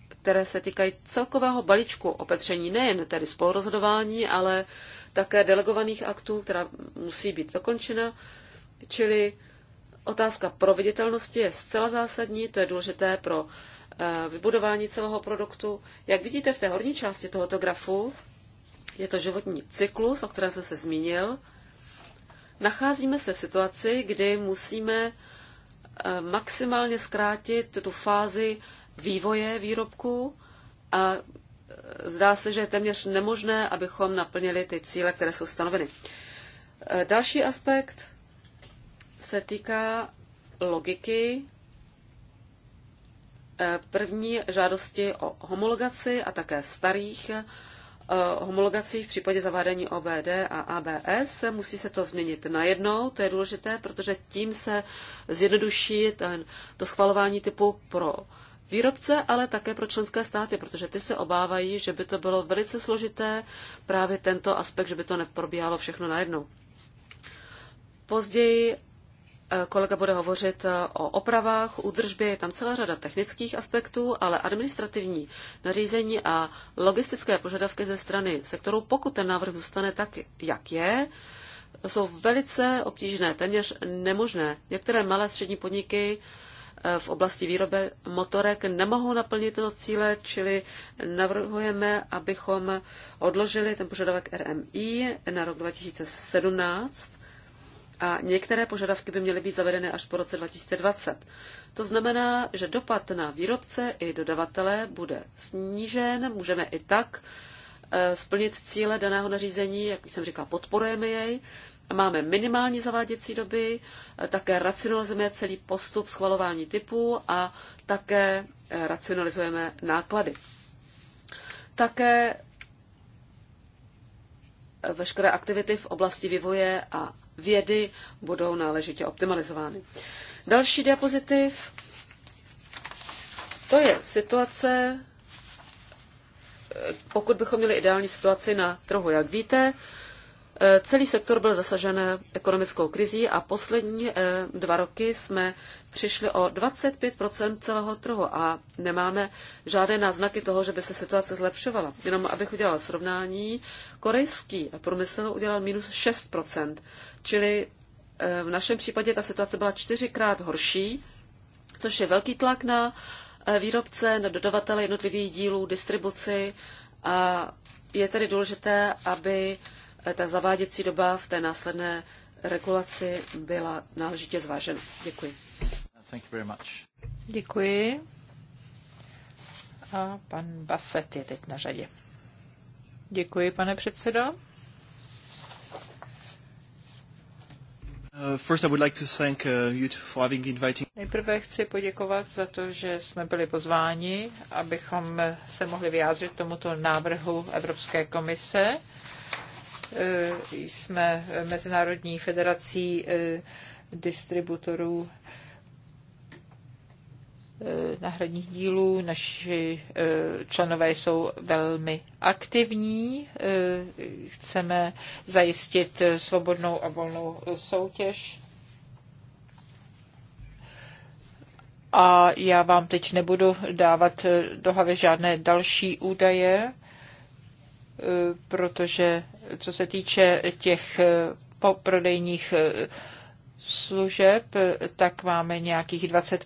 které se týkají celkového balíčku opatření, nejen tedy spolurozhodování, ale také delegovaných aktů, která musí být dokončena. Čili otázka proveditelnosti je zcela zásadní, to je důležité pro eh, vybudování celého produktu. Jak vidíte v té horní části tohoto grafu, je to životní cyklus, o kterém jsem se zmínil. Nacházíme se v situaci, kdy musíme eh, maximálně zkrátit tu fázi vývoje výrobků a eh, zdá se, že je téměř nemožné, abychom naplnili ty cíle, které jsou stanoveny. Eh, další aspekt se týká logiky první žádosti o homologaci a také starých Eh, homologací v případě zavádění OBD a ABS. Musí se to změnit najednou, to je důležité, protože tím se zjednoduší ten, to schvalování typu pro výrobce, ale také pro členské státy, protože ty se obávají, že by to bylo velice složité, právě tento aspekt, že by to neprobíhalo všechno najednou. Později Eh, kolega bude hovořit eh, o opravách, údržbě, je tam celá řada technických aspektů, ale administrativní nařízení a logistické požadavky ze strany sektoru, pokud ten návrh zůstane tak, jak je, jsou velice obtížné, téměř nemožné. Některé malé střední podniky eh, v oblasti výroby motorek nemohou naplnit to cíle, čili navrhujeme, abychom odložili ten požadavek RMI na rok 2017 a některé požadavky by měly být zavedeny až po roce 2020. To znamená, že dopad na výrobce i dodavatele bude snížen, můžeme i tak eh, splnit cíle daného nařízení, jak jsem říkala, podporujeme jej, Máme minimální zaváděcí doby, eh, také racionalizujeme celý postup schvalování typů a také eh, racionalizujeme náklady. Také veškeré aktivity v oblasti vývoje a vědy budou náležitě optimalizovány. Další diapozitiv. To je situace, eh, pokud bychom měli ideální situaci na trhu, jak víte, Eh, celý sektor byl zasažen ekonomickou krizí a poslední eh, dva roky jsme přišli o 25 celého trhu a nemáme žádné náznaky toho, že by se situace zlepšovala. Jenom abych udělal srovnání, korejský průmysl udělal minus 6 čili eh, v našem případě ta situace byla čtyřikrát horší, což je velký tlak na výrobce, na dodavatele jednotlivých dílů, distribuci a je tedy důležité, aby ta zaváděcí doba v té následné regulaci byla náležitě zvážena. Děkuji. Thank you very much. Děkuji. A pan Baset je teď na řadě. Děkuji, pane předsedo. Uh, first I would like to thank uh, you for having inviting. Nejprve chci poděkovat za to, že jsme byli pozváni, abychom se mohli vyjádřit tomuto návrhu Evropské komise Eh, jsme Mezinárodní federací eh, distributorů eh, náhradních dílů. Naši členové jsou velmi aktivní. Chceme zajistit svobodnou a volnou soutěž. A já vám teď nebudu dávat do hlavy žádné další údaje, protože co se týče těch poprodejních služeb, tak máme nějakých 20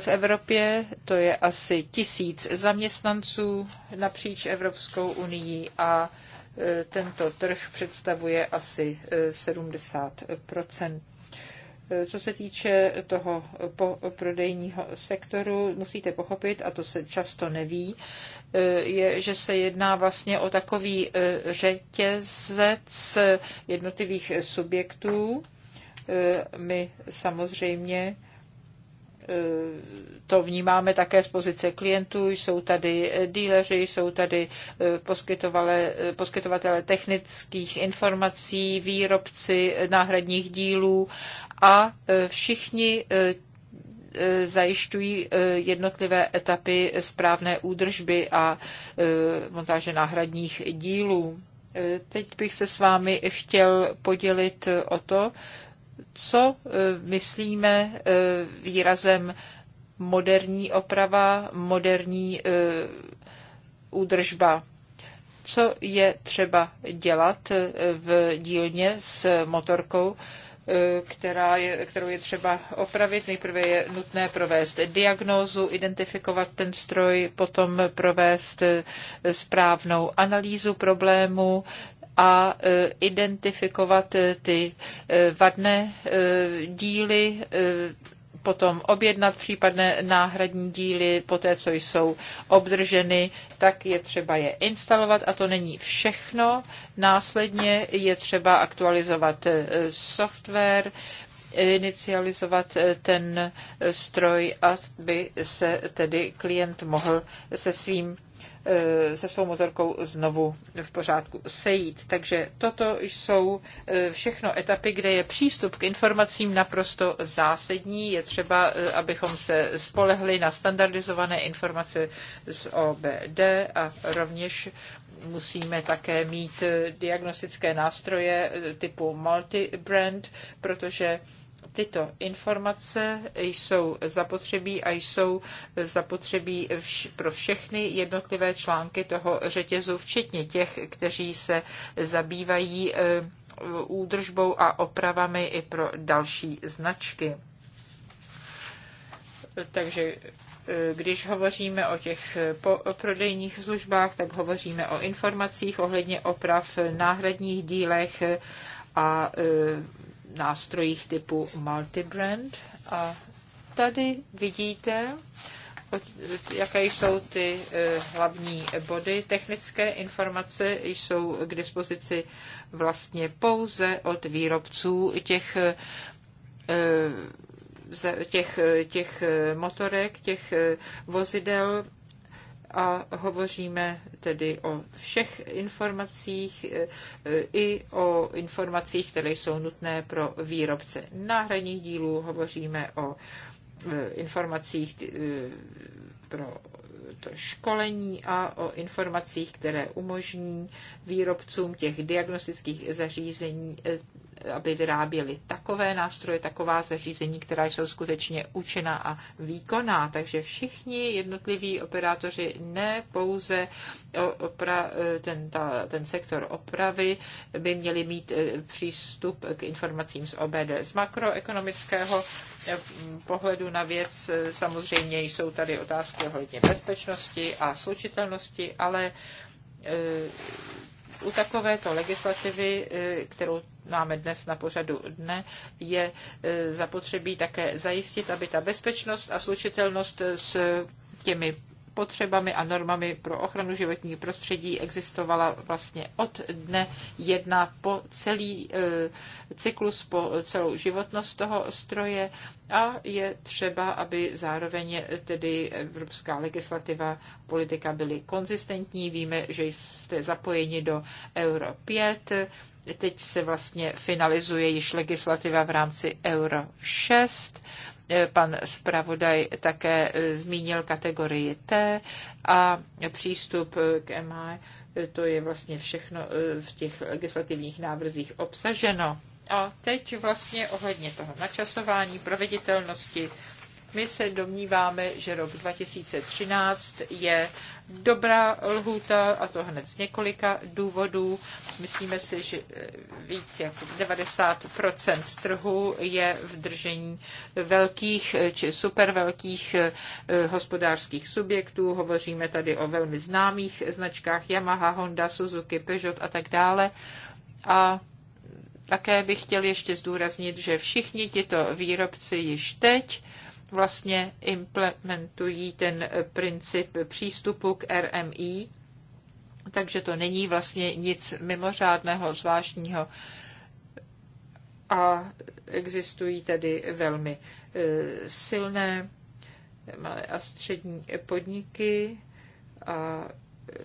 v Evropě, to je asi tisíc zaměstnanců napříč Evropskou unii a e, tento trh představuje asi 70 e, e, co se týče toho prodejního sektoru, musíte pochopit, a to se často neví, Eh, je, že se jedná vlastně o takový eh, řetězec eh, jednotlivých subjektů. My samozřejmě to vnímáme také z pozice klientů, jsou tady díleři, jsou tady poskytovatele technických informací, výrobci náhradních dílů a všichni E, zajišťují e, jednotlivé etapy správné údržby a e, montáže náhradních dílů. Teď bych se s vámi chtěl podělit o to, co myslíme výrazem moderní oprava, moderní údržba co je třeba dělat v dílně s motorkou, E, která je, kterou je třeba opravit. Nejprve je nutné provést diagnózu, identifikovat ten stroj, potom provést e, správnou analýzu problému, a e, identifikovat ty vadné díly, potom objednat případné náhradní díly, po té, co jsou obdrženy, tak je třeba je instalovat a to není všechno. Následně je třeba aktualizovat eh, software, inicializovat eh, ten stroj, aby se tedy klient mohl se svým Eh, se svou motorkou znovu v pořádku sejít. Takže toto jsou eh, všechno etapy, kde je přístup k informacím naprosto zásadní. Je třeba, eh, abychom se spolehli na standardizované informace z OBD a rovněž musíme také mít diagnostické nástroje typu multi-brand, protože Tyto informace jsou zapotřebí a jsou zapotřebí pro všechny jednotlivé články toho řetězu, včetně těch, kteří se zabývají eh, údržbou a opravami i pro další značky. Takže eh, když hovoříme o těch eh, prodejních službách, tak hovoříme o informacích ohledně oprav, náhradních dílech a nástrojích typu multibrand. A tady vidíte, jaké jsou ty eh, hlavní body. Technické informace jsou k dispozici vlastně pouze od výrobců těch eh, těch, eh, těch motorek, těch vozidel a hovoříme tedy o všech informacích e, e, i o informacích, které jsou nutné pro výrobce náhradních dílů. Hovoříme o e, informacích pro to školení a o informacích, které umožní výrobcům těch diagnostických zařízení aby vyráběli takové nástroje, taková zařízení, která jsou skutečně účinná a výkonná. Takže všichni jednotliví operátoři, ne pouze opra, e, ten, ta, ten sektor opravy, by měli mít e, přístup k informacím z OBD. Z makroekonomického e, pohledu na věc samozřejmě jsou tady otázky hodně bezpečnosti a slučitelnosti, ale u takovéto legislativy, e, kterou máme dnes na pořadu dne, je e, zapotřebí také zajistit, aby ta bezpečnost a slučitelnost s těmi potřebami a normami pro ochranu životního prostředí existovala vlastně od dne jedna po celý e, cyklus, po celou životnost toho stroje a je třeba, aby zároveň tedy evropská legislativa, politika byly konzistentní. Víme, že jste zapojeni do Euro 5, teď se vlastně finalizuje již legislativa v rámci Euro 6 Pan zpravodaj také eh, zmínil kategorii T a přístup k MI. Eh, to je vlastně všechno eh, v těch legislativních návrzích obsaženo. A teď vlastně ohledně toho načasování, proveditelnosti, my se domníváme, že rok 2013 je dobrá lhůta, a to hned z několika důvodů. Myslíme si, že eh, víc jak 90 trhu je v držení velkých eh, či supervelkých eh, hospodářských subjektů. Hovoříme tady o velmi známých značkách Yamaha, Honda, Suzuki, Peugeot a tak dále. A také bych chtěl ještě zdůraznit, že všichni tito výrobci již teď vlastně implementují ten princip přístupu k RMI, takže to není vlastně nic mimořádného, zvláštního a existují tedy velmi e, silné malé a střední podniky a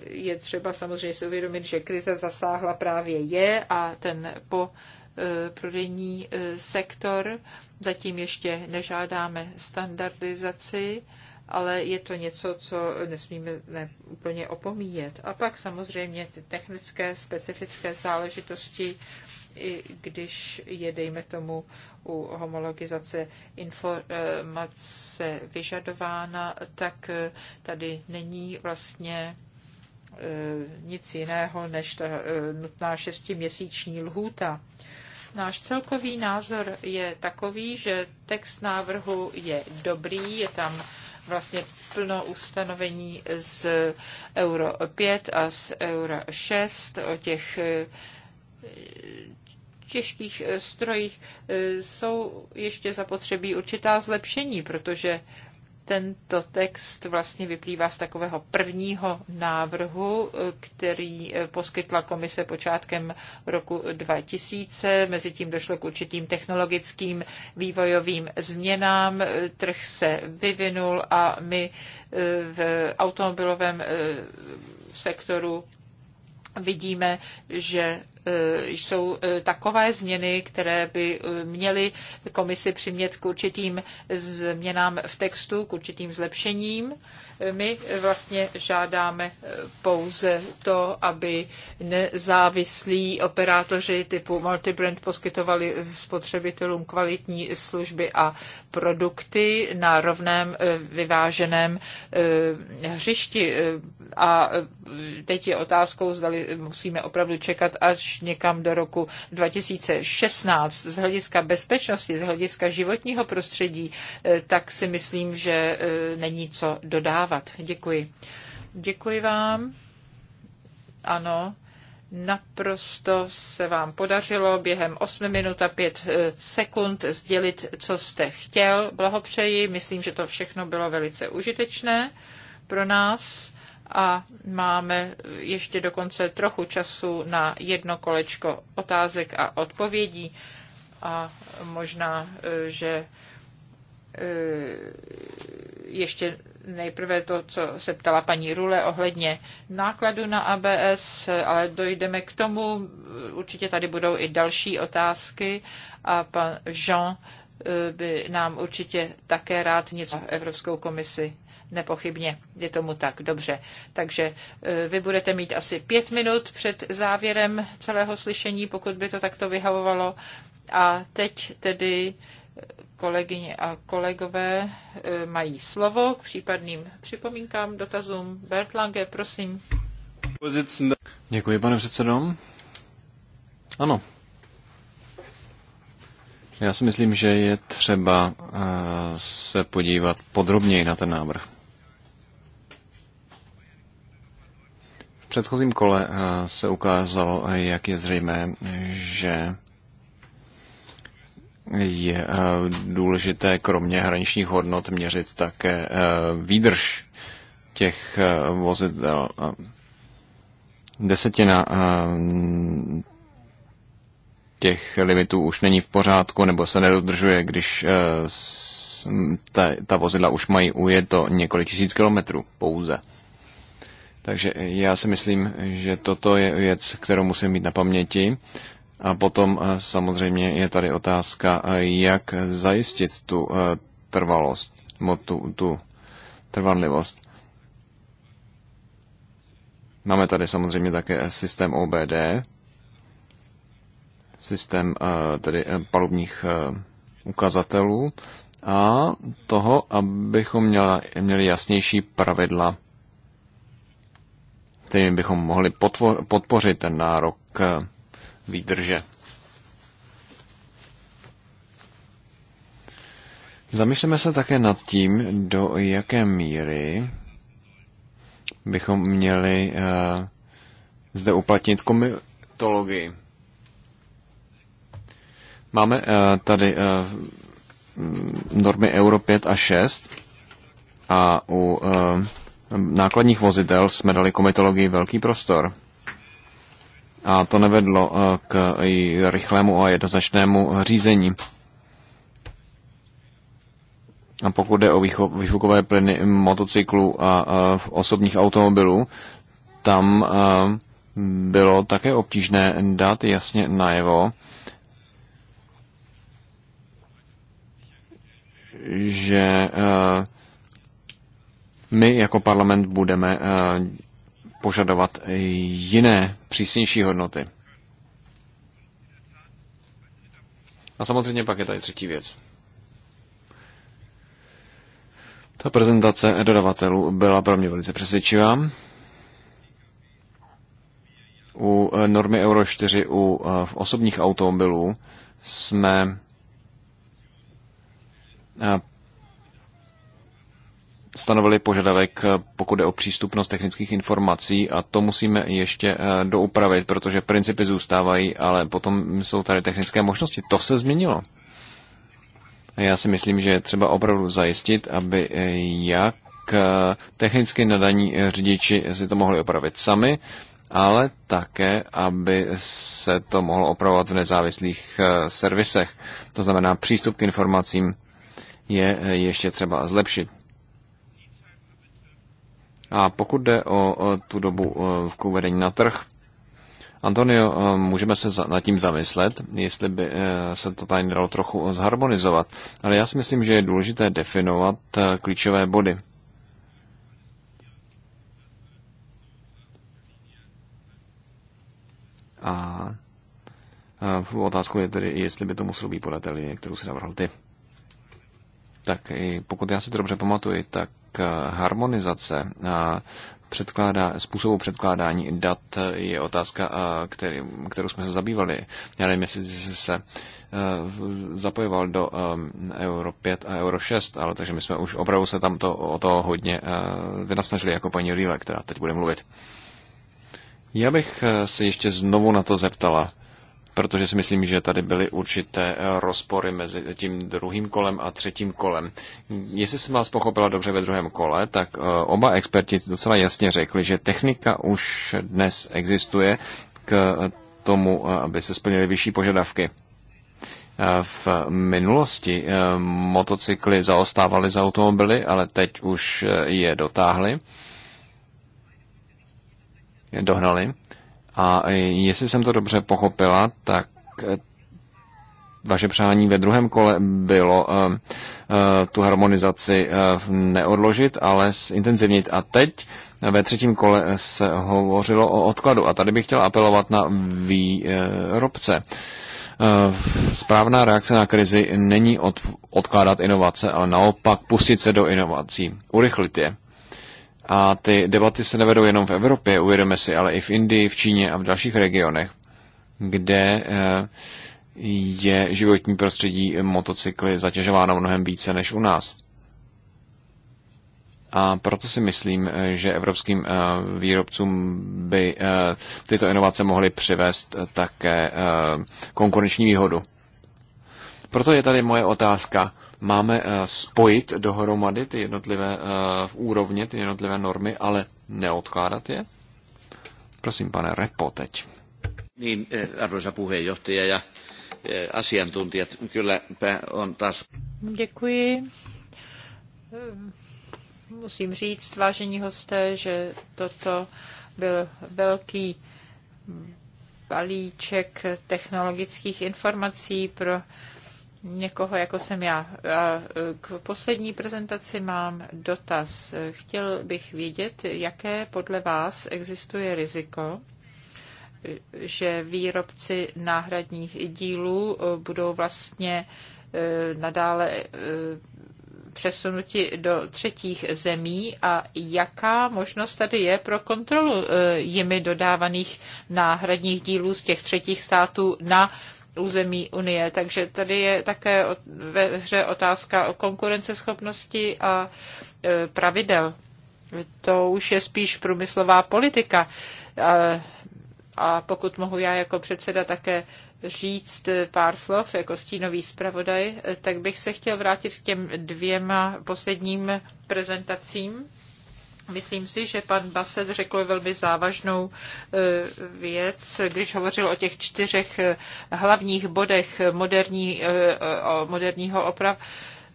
je třeba samozřejmě si uvědomit, že krize zasáhla právě je a ten po Eh, prodejní eh, sektor. Zatím ještě nežádáme standardizaci, ale je to něco, co nesmíme ne, úplně opomíjet. A pak samozřejmě ty technické, specifické záležitosti, i když je, dejme tomu, u homologizace informace vyžadována, tak eh, tady není vlastně nic jiného než ta nutná šestiměsíční lhůta. Náš celkový názor je takový, že text návrhu je dobrý, je tam vlastně plno ustanovení z euro 5 a z euro 6 o těch e, těžkých e, strojích e, jsou ještě zapotřebí určitá zlepšení, protože tento text vlastně vyplývá z takového prvního návrhu, který eh, poskytla komise počátkem roku 2000. Mezitím došlo k určitým technologickým vývojovým změnám. Eh, trh se vyvinul a my eh, v automobilovém sektoru vidíme, že Eh, jsou eh, takové změny, které by eh, měly komisi přimět k určitým změnám v textu, k určitým zlepšením. My vlastně žádáme pouze to, aby nezávislí operátoři typu multibrand poskytovali spotřebitelům kvalitní služby a produkty na rovném eh, vyváženém eh, hřišti. Eh, a teď je otázkou, zda musíme opravdu čekat až někam do roku 2016. Z hlediska bezpečnosti, z hlediska životního prostředí, tak si myslím, že není co dodávat vzdělávat. Děkuji. Děkuji vám. Ano, naprosto se vám podařilo během 8 minut a 5 eh, sekund sdělit, co jste chtěl. Blahopřeji, myslím, že to všechno bylo velice užitečné pro nás a máme ještě dokonce trochu času na jedno kolečko otázek a odpovědí a možná, eh, že eh, ještě Nejprve to, co se ptala paní Rule ohledně nákladu na ABS, ale dojdeme k tomu. Určitě tady budou i další otázky a pan Jean eh, by nám určitě také rád něco Evropskou komisi Nepochybně je tomu tak. Dobře. Takže eh, vy budete mít asi pět minut před závěrem celého slyšení, pokud by to takto vyhavovalo. A teď tedy kolegyně a kolegové e, mají slovo k případným připomínkám, dotazům. Bert Lange, prosím. Děkuji, pane předsedo. Ano. Já si myslím, že je třeba e, se podívat podrobněji na ten návrh. V předchozím kole e, se ukázalo, jak je zřejmé, že je eh, důležité kromě hraničních hodnot měřit také eh, výdrž těch eh, vozidel. Desetina těch limitů už není v pořádku nebo se nedodržuje, když ta, ta vozidla už mají ujeto několik tisíc kilometrů pouze. Takže já si myslím, že toto je věc, kterou musím mít na paměti a potom eh, samozřejmě je tady otázka, eh, jak zajistit tu eh, trvalost, tu, tu trvanlivost. Máme tady samozřejmě také systém OBD, systém tedy palubních ukazatelů a toho, abychom měla, měli jasnější pravidla, kterými bychom mohli podpořit ten nárok výdrže. Zamýšlíme se také nad tím, do jaké míry bychom měli uh, zde uplatnit komitologii. Máme uh, tady uh, normy Euro 5 a 6 a u uh, nákladních vozidel jsme dali komitologii velký prostor a to nevedlo eh, k rychlému a jednoznačnému řízení. A pokud jde o výfukové plyny motocyklů a, eh, osobních automobilů, tam eh, bylo také obtížné dát jasně najevo, že my jako parlament budeme požadovat jiné, přísnější hodnoty. A samozřejmě pak je tady třetí věc. Ta prezentace dodavatelů byla pro mě velice přesvědčivá. U eh, normy Euro 4 u eh, osobních automobilů jsme eh, stanovili požadavek, pokud je o přístupnost technických informací a to musíme ještě eh, doupravit, protože principy zůstávají, ale potom jsou tady technické možnosti. To se změnilo. Já si myslím, že je třeba opravdu zajistit, aby eh, jak eh, technicky nadaní řidiči si to mohli opravit sami, ale také, aby se to mohlo opravovat v nezávislých servisech. To znamená, přístup k informacím je ještě třeba zlepšit. A pokud jde o tu dobu v uvedení na trh, Antonio, můžeme se nad tím zamyslet, jestli by e, se to tady dalo trochu zharmonizovat, ale já si myslím, že je důležité definovat e, klíčové body. A e, otázkou je tedy, jestli by to muselo být podatelí, kterou si navrhl ty. Tak i pokud já si to dobře pamatuji, tak harmonizace a předkládá, způsobu předkládání dat je otázka, který, kterou jsme se zabývali. Já nevím, jestli jsi se e, zapojoval do e, Euro 5 a Euro 6, ale takže my jsme už opravdu se tam to, o to hodně e, vynasnažili, jako paní Líle, která teď bude mluvit. Já bych se ještě znovu na to zeptala protože si myslím, že tady byly určité eh, rozpory mezi tím druhým kolem a třetím kolem. Jestli jsem vás pochopila dobře ve druhém kole, tak eh, oba experti docela jasně řekli, že technika už dnes existuje k eh, tomu, aby se splnily vyšší požadavky. V minulosti motocykly zaostávaly za automobily, ale teď už je dotáhly, dohnali. A jestli jsem to dobře pochopila, tak eh, vaše přání ve druhém kole bylo eh, eh, tu harmonizaci neodložit, ale zintenzivnit. A teď ve třetím kole se hovořilo o odkladu. A tady bych chtěl apelovat na výrobce. Správná reakce na krizi není od, odkládat inovace, ale naopak pustit se do inovací, urychlit je. A ty debaty se nevedou jenom v Evropě, uvědomíme si, ale i v Indii, v Číně a v dalších regionech, kde eh, je životní prostředí motocykly zatěžováno mnohem více než u nás. A proto si myslím, eh, že evropským eh, výrobcům by tyto inovace mohly přivést také konkurenční výhodu. Proto je tady moje otázka máme eh, spojit dohromady ty jednotlivé eh, úrovně, ty jednotlivé normy, ale neodkládat je? Prosím, pane Repo, teď. Niin, eh, arvoisa puheenjohtaja ja asiantuntijat, kyllä on taas... Děkuji. Musím říct, vážení hosté, že toto byl velký balíček technologických informací pro někoho, jako jsem já. A e, k poslední prezentaci mám dotaz. Chtěl bych vědět, jaké podle vás existuje riziko, že výrobci náhradních dílů e, budou vlastně e, nadále přesunuti do třetích zemí a jaká možnost tady je pro kontrolu jimi dodávaných náhradních dílů z těch třetích států na území Unie. Takže tady je také ve hře otázka o konkurenceschopnosti a e, pravidel. To už je spíš průmyslová politika. A, a pokud mohu já jako předseda také říct pár slov jako stínový zpravodaj, e, tak bych se chtěl vrátit k těm dvěma posledním prezentacím Myslím si, že pan Baset řekl velmi závažnou e, věc, když hovořil o těch čtyřech e, hlavních bodech moderní, e, moderního oprav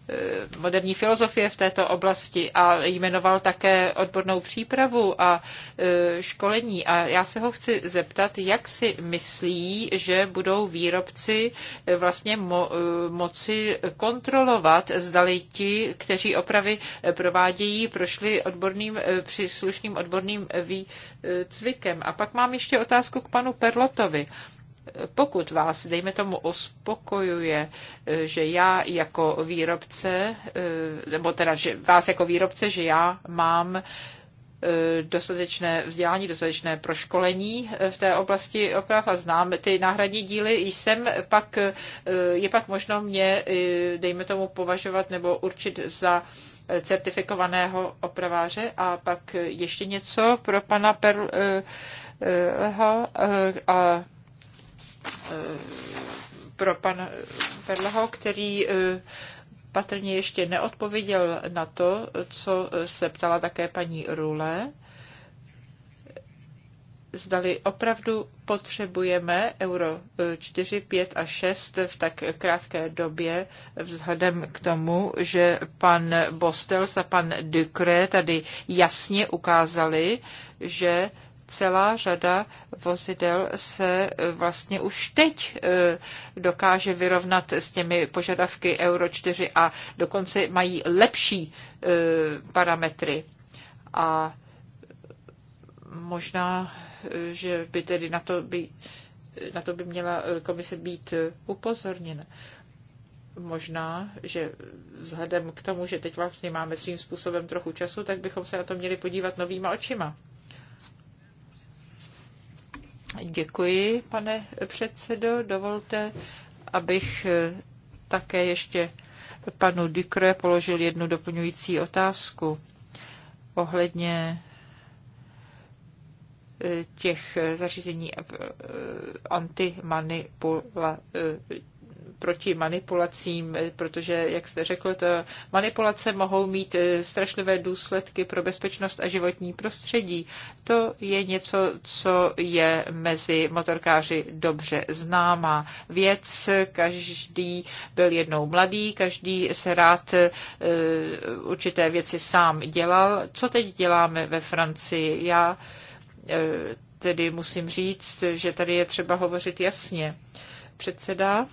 Eh, moderní filozofie v této oblasti a jmenoval také odbornou přípravu a eh, školení. A já se ho chci zeptat, jak si myslí, že budou výrobci eh, vlastně mo- moci kontrolovat, zdali ti, kteří opravy provádějí, prošli odborným, příslušným odborným výcvikem. A pak mám ještě otázku k panu Perlotovi pokud vás, dejme tomu, uspokojuje, eh, že já jako výrobce, eh, nebo teda, že vás jako výrobce, že já mám eh, dostatečné vzdělání, dostatečné proškolení v té oblasti oprav a znám ty náhradní díly, jsem pak, je pak možno mě, dejme tomu, považovat nebo určit za certifikovaného opraváře a pak ještě něco pro pana uh, a Eh, pro pana Perlaho, který eh, patrně ještě neodpověděl na to, co eh, se ptala také paní Rule. Zdali opravdu potřebujeme euro 4, 5 a 6 v tak krátké době vzhledem k tomu, že pan Bostels a pan Ducre tady jasně ukázali, že celá řada vozidel se eh, vlastně už teď eh, dokáže vyrovnat s těmi požadavky Euro 4 a dokonce mají lepší eh, parametry. A možná, že by tedy na to by, na to by měla komise být upozorněna možná, že vzhledem k tomu, že teď vlastně máme svým způsobem trochu času, tak bychom se na to měli podívat novýma očima. Děkuji, pane předsedo. Dovolte, abych eh, také ještě panu Dukre položil jednu doplňující otázku ohledně eh, těch eh, zařízení antimanipulativních proti manipulacím, protože, jak jste řekl, to manipulace mohou mít eh, strašlivé důsledky pro bezpečnost a životní prostředí. To je něco, co je mezi motorkáři dobře známá věc. Každý byl jednou mladý, každý se rád eh, určité věci sám dělal. Co teď děláme ve Francii? Já eh, tedy musím říct, že tady je třeba hovořit jasně předseda.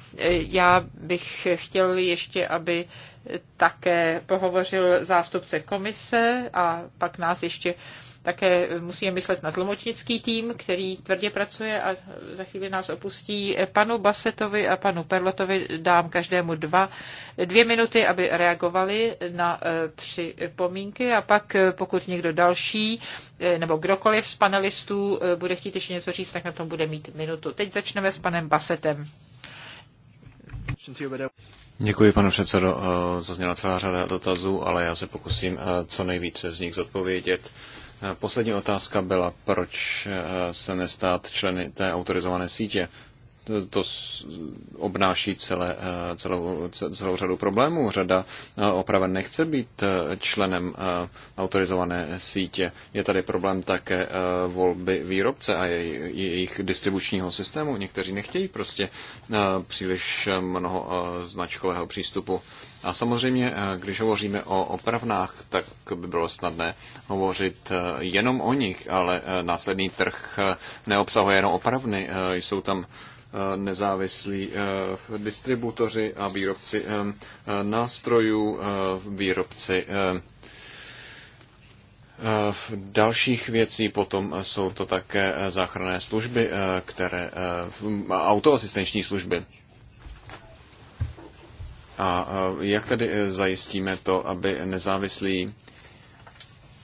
Já bych chtěl ještě, aby také pohovořil zástupce komise a pak nás ještě také musíme myslet na tlumočnický tým, který tvrdě pracuje a za chvíli nás opustí. Panu Basetovi a panu Perlotovi dám každému dva, dvě minuty, aby reagovali na eh, připomínky a pak eh, pokud někdo další eh, nebo kdokoliv z panelistů bude chtít ještě něco říct, tak na tom bude mít minutu. Teď začneme s panem Basetem. Děkuji, pane předsedo. Zazněla celá řada dotazů, ale já se pokusím co nejvíce z nich zodpovědět. Poslední otázka byla, proč eh, se nestát členy té autorizované sítě. To obnáší celé, eh, celou, celou řadu problémů. Řada eh, opravdu nechce být členem autorizované sítě. Je tady problém také volby výrobce a jejich distribučního systému. Někteří nechtějí prostě příliš mnoho značkového přístupu a samozřejmě, eh, když hovoříme o opravnách, tak by bylo snadné hovořit eh, jenom o nich, ale eh, následný trh neobsahuje jenom opravny. Jsou tam nezávislí distributoři a výrobci nástrojů, výrobci v dalších věcí potom jsou to také záchranné služby, které autoasistenční služby. A jak tedy eh, zajistíme to, aby nezávislí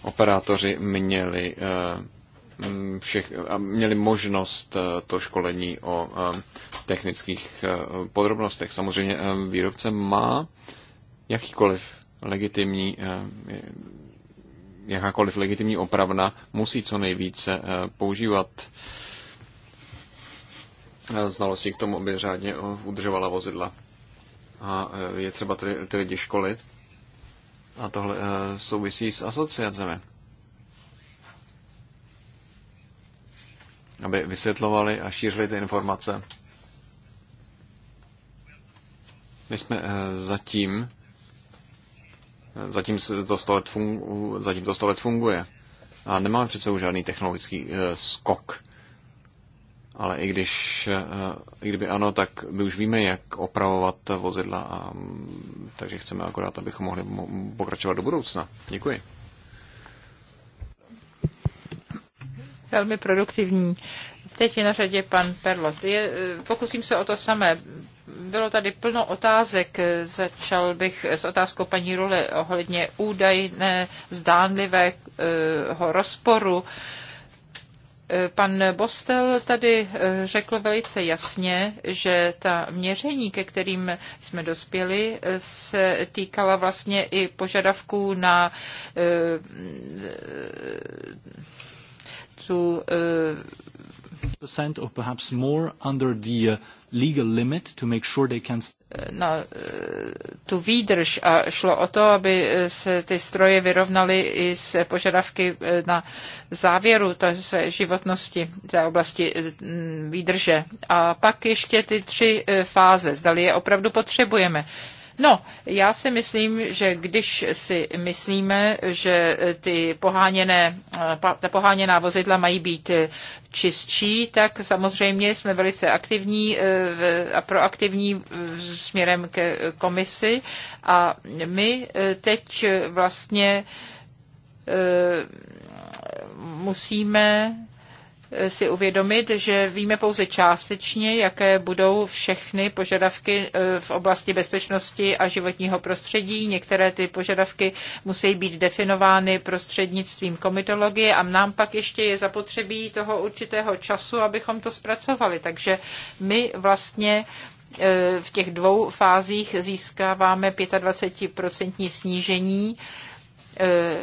operátoři měli, eh, všech, měli možnost eh, to školení o technických podrobnostech? Samozřejmě výrobce má jakýkoliv legitimní jakákoliv legitimní opravna musí co nejvíce používat znalosti k tomu, aby řádně udržovala vozidla. A e, je třeba ty, ty lidi školit. A tohle e, souvisí s asociacemi. Aby vysvětlovali a šířili ty informace. My jsme e, zatím, zatím to 100 let, fungu, zatím to sto let funguje. A nemáme přece už žádný technologický skok ale i když, eh, i kdyby ano, tak my už víme, jak opravovat vozidla, a, mm, takže chceme akorát, abychom mohli pokračovat do budoucna. Děkuji. Velmi produktivní. Teď je na řadě pan Perlot. Je, eh, pokusím se o to samé. Bylo tady plno otázek. Začal bych s otázkou paní Rule ohledně údajné zdánlivého eh, rozporu. E, Pan Bostel tady eh, řekl velice jasně, že ta měření, ke kterým jsme dospěli, eh, se týkala vlastně i požadavků na eh, tu legal limit to make sure they can eh, na eh, tu výdrž a šlo o to, aby eh, se ty stroje vyrovnaly i s požadavky na závěru té své životnosti té oblasti výdrže. A pak ještě ty tři fáze, zdali je opravdu potřebujeme. No, já si myslím, že když si myslíme, že ty poháněné, eh, ta poháněná vozidla mají být eh, čistší, tak samozřejmě jsme velice aktivní eh, a proaktivní směrem ke komisi a my teď vlastně musíme si uvědomit, že víme pouze částečně, jaké budou všechny požadavky eh, v oblasti bezpečnosti a životního prostředí. Některé ty požadavky musí být definovány prostřednictvím komitologie a nám pak ještě je zapotřebí toho určitého času, abychom to zpracovali. Takže my vlastně eh, v těch dvou fázích získáváme 25% snížení eh,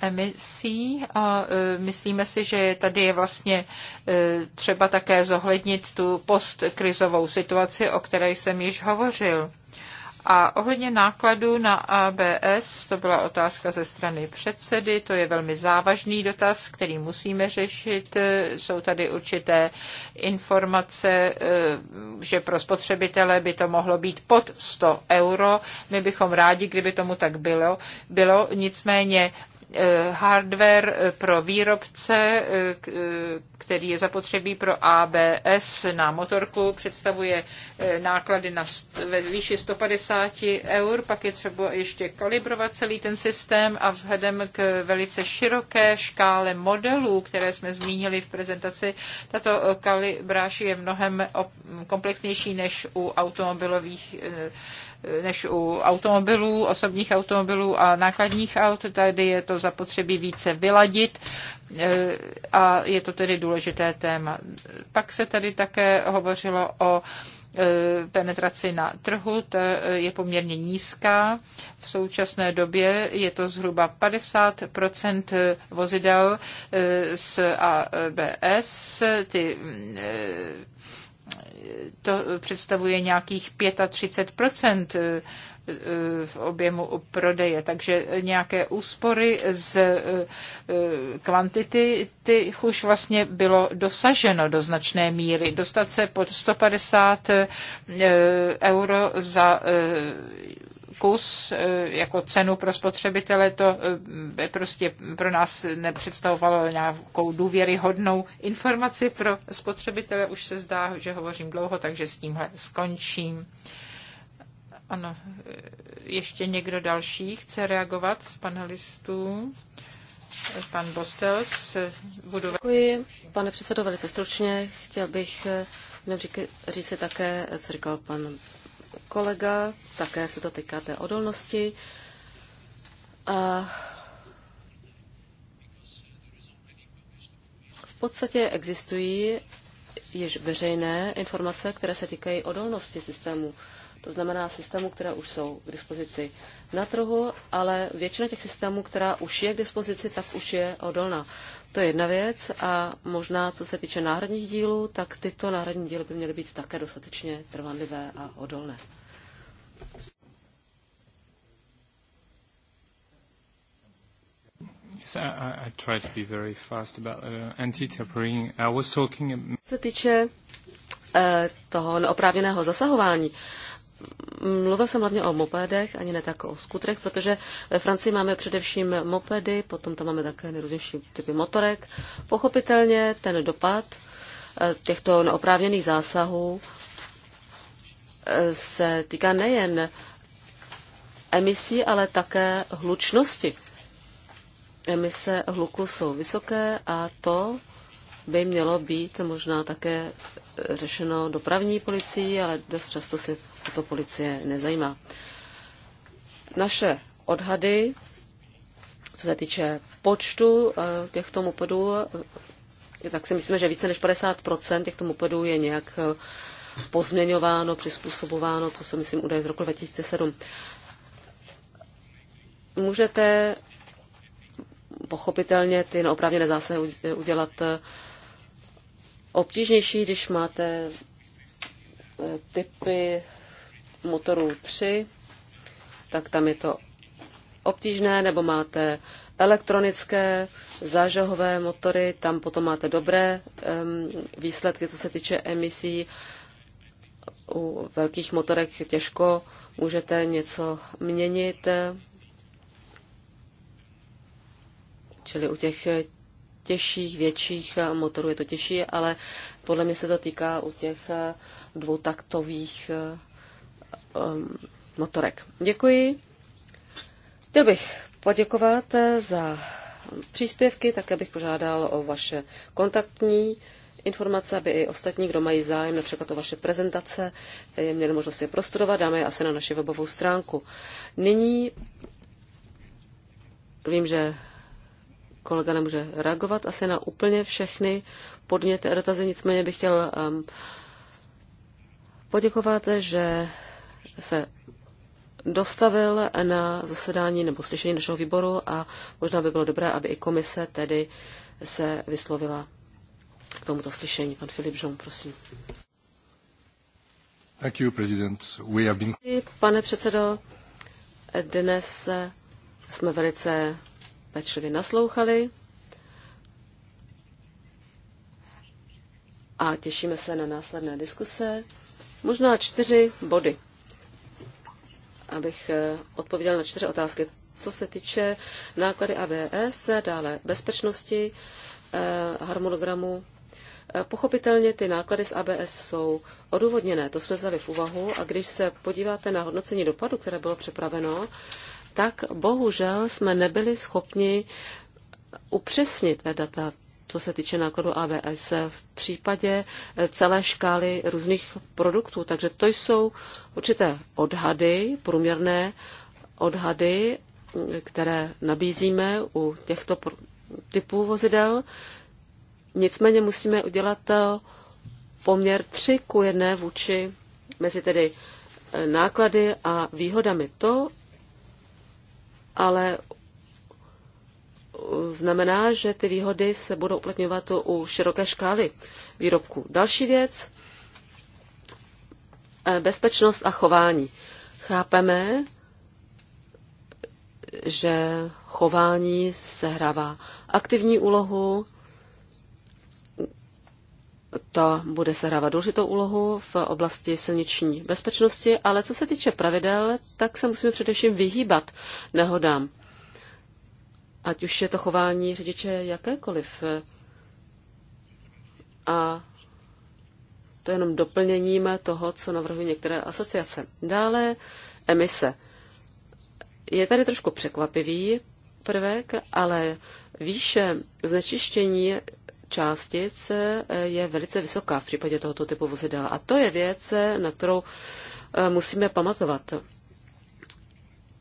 emisí a e, myslíme si, že tady je vlastně e, třeba také zohlednit tu postkrizovou situaci, o které jsem již hovořil. A ohledně nákladů na ABS, to byla otázka ze strany předsedy, to je velmi závažný dotaz, který musíme řešit. E, jsou tady určité informace, že pro spotřebitele by to mohlo být pod 100 euro. My bychom rádi, kdyby tomu tak bylo. bylo. Nicméně Eh, hardware eh, pro výrobce, eh, který je zapotřebí pro ABS na motorku, představuje náklady na, ve výši 150 eur, pak je třeba ještě kalibrovat celý ten systém a vzhledem k velice široké škále modelů, které jsme zmínili v prezentaci, tato kalibráž je mnohem komplexnější než u automobilových než u automobilů, osobních automobilů a nákladních aut. Tady je to zapotřebí více vyladit eh, a je to tedy důležité téma. Pak se tady také hovořilo o eh, penetraci na trhu, ta eh, je poměrně nízká. V současné době je to zhruba 50 vozidel s ABS. Ty to představuje nějakých 35 eh, eh, v objemu prodeje. Takže nějaké úspory z eh, kvantity, ty už vlastně bylo dosaženo do značné míry. Dostat se pod 150 euro za kus eh, jako cenu pro spotřebitele, to by eh, prostě pro nás nepředstavovalo nějakou důvěryhodnou informaci pro spotřebitele. Už se zdá, že hovořím dlouho, takže s tímhle skončím. Ano, eh, ještě někdo další chce reagovat z panelistů? Pan Bostels, budu... Děkuji, pane předsedo, velice stručně. Chtěl bych říct si také, co říkal pan kolega, také se to týká té odolnosti. A v podstatě existují již veřejné informace, které se týkají odolnosti systému. To znamená systémů, které už jsou k dispozici na trhu, ale většina těch systémů, která už je k dispozici, tak už je odolná. To je jedna věc a možná, co se týče náhradních dílů, tak tyto náhradní díly by měly být také dostatečně trvanlivé a odolné. Uh, co se týče eh, toho neoprávněného zasahování, Mluvil jsem hlavně o mopedech, ani ne tak o skutrech, protože ve Francii máme především mopedy, potom tam máme také nejrůznější typy motorek. Pochopitelně ten dopad eh, těchto neoprávněných zásahů eh, se týká nejen emisí, ale také hlučnosti. Emise hluku jsou vysoké a to by mělo být možná také řešeno dopravní policií, ale dost často si to policie nezajímá. Naše odhady, co se týče počtu eh, těchto mopedů, eh, tak si myslíme, že více než 50% těchto mopedů je nějak eh, pozměňováno, přizpůsobováno, to se myslím údaje z roku 2007. Můžete pochopitelně ty neoprávněné zásahy udělat obtížnější, když máte typy motorů 3, tak tam je to obtížné, nebo máte elektronické zážahové motory, tam potom máte dobré um, výsledky, co se týče emisí. U velkých motorek těžko můžete něco měnit. Čili u těch těžších, větších motorů je to těžší, ale podle mě se to týká u těch dvoutaktových um, motorek. Děkuji. Chtěl bych poděkovat eh, za příspěvky, také bych požádal o vaše kontaktní informace, aby i ostatní, kdo mají zájem, například o vaše prezentace, eh, měli možnost je prostudovat, dáme je asi na naši webovou stránku. Nyní vím, že kolega nemůže reagovat asi na úplně všechny podněty a dotazy, nicméně bych chtěl um, poděkovat, že se dostavil na zasedání nebo slyšení našeho výboru a možná by bylo dobré, aby i komise tedy se vyslovila k tomuto slyšení. Pan Filip Žon, prosím. Thank you, President. We have been... Pane předsedo, dnes jsme velice pečlivě naslouchali a těšíme se na následné diskuse. Možná čtyři body abych eh, odpověděl na čtyři otázky. Co se týče náklady ABS, dále bezpečnosti, eh, harmonogramu, eh, pochopitelně ty náklady z ABS jsou odůvodněné, to jsme vzali v úvahu a když se podíváte na hodnocení dopadu, které bylo připraveno, tak bohužel jsme nebyli schopni upřesnit ta data co se týče nákladu ABS v případě eh, celé škály různých produktů. Takže to jsou určité odhady, průměrné odhady, mm, které nabízíme u těchto typů vozidel. Nicméně musíme udělat eh, poměr 3 ku 1 vůči mezi tedy eh, náklady a výhodami. To ale znamená, že ty výhody se budou uplatňovat u široké škály výrobků. Další věc, eh, bezpečnost a chování. Chápeme, že chování sehrává aktivní úlohu, to bude sehrávat důležitou úlohu v oblasti silniční bezpečnosti, ale co se týče pravidel, tak se musíme především vyhýbat nehodám ať už je to chování řidiče jakékoliv. A to je jenom doplněním toho, co navrhují některé asociace. Dále emise. Je tady trošku překvapivý prvek, ale výše znečištění částic je velice vysoká v případě tohoto typu vozidel. A to je věc, na kterou eh, musíme pamatovat.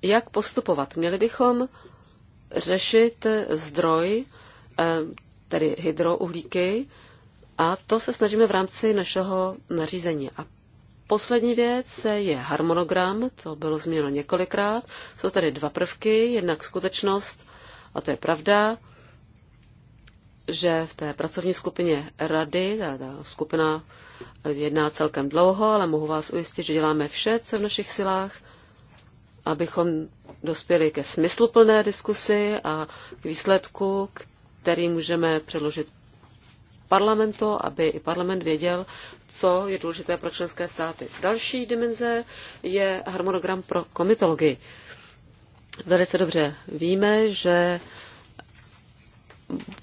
Jak postupovat? Měli bychom řešit zdroj, eh, tedy hydrouhlíky, a to se snažíme v rámci našeho nařízení. A poslední věc je harmonogram, to bylo změněno několikrát. Jsou tady dva prvky, jednak skutečnost, a to je pravda, že v té pracovní skupině rady, ta, ta skupina eh, jedná celkem dlouho, ale mohu vás ujistit, že děláme vše, co je v našich silách, abychom dospěli ke smysluplné diskusi a k výsledku, který můžeme předložit parlamentu, aby i parlament věděl, co je důležité pro členské státy. Další dimenze je harmonogram pro komitologii. Velice dobře víme, že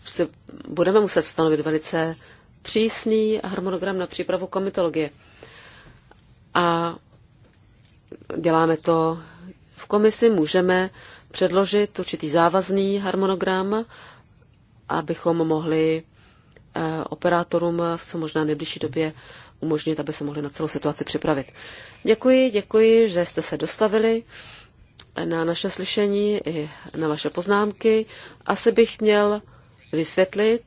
si budeme muset stanovit velice přísný harmonogram na přípravu komitologie. A děláme to v komisi můžeme předložit určitý závazný harmonogram, abychom mohli eh, operátorům v co možná nejbližší době umožnit, aby se mohli na celou situaci připravit. Děkuji, děkuji, že jste se dostavili na naše slyšení i na vaše poznámky. Asi bych měl vysvětlit,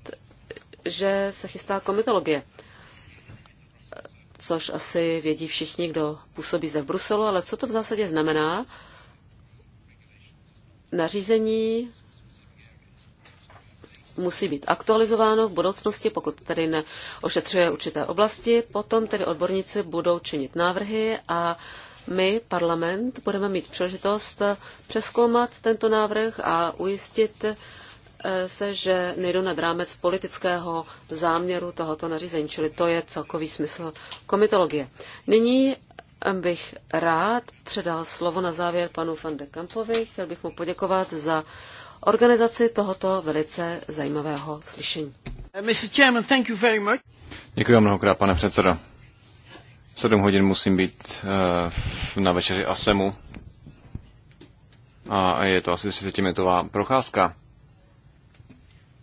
že se chystá komitologie, což asi vědí všichni, kdo působí zde v Bruselu, ale co to v zásadě znamená, nařízení musí být aktualizováno v budoucnosti, pokud tedy neošetřuje určité oblasti. Potom tedy odborníci budou činit návrhy a my, parlament, budeme mít příležitost přeskoumat tento návrh a ujistit eh, se, že nejdu nad rámec politického záměru tohoto nařízení, čili to je celkový smysl komitologie. Nyní bych rád předal slovo na závěr panu van de Kampovi. Chtěl bych mu poděkovat za organizaci tohoto velice zajímavého slyšení. Uh, Děkuji vám mnohokrát, pane předsedo. Sedm hodin musím být uh, na večeři ASEMu a je to asi 30-minutová procházka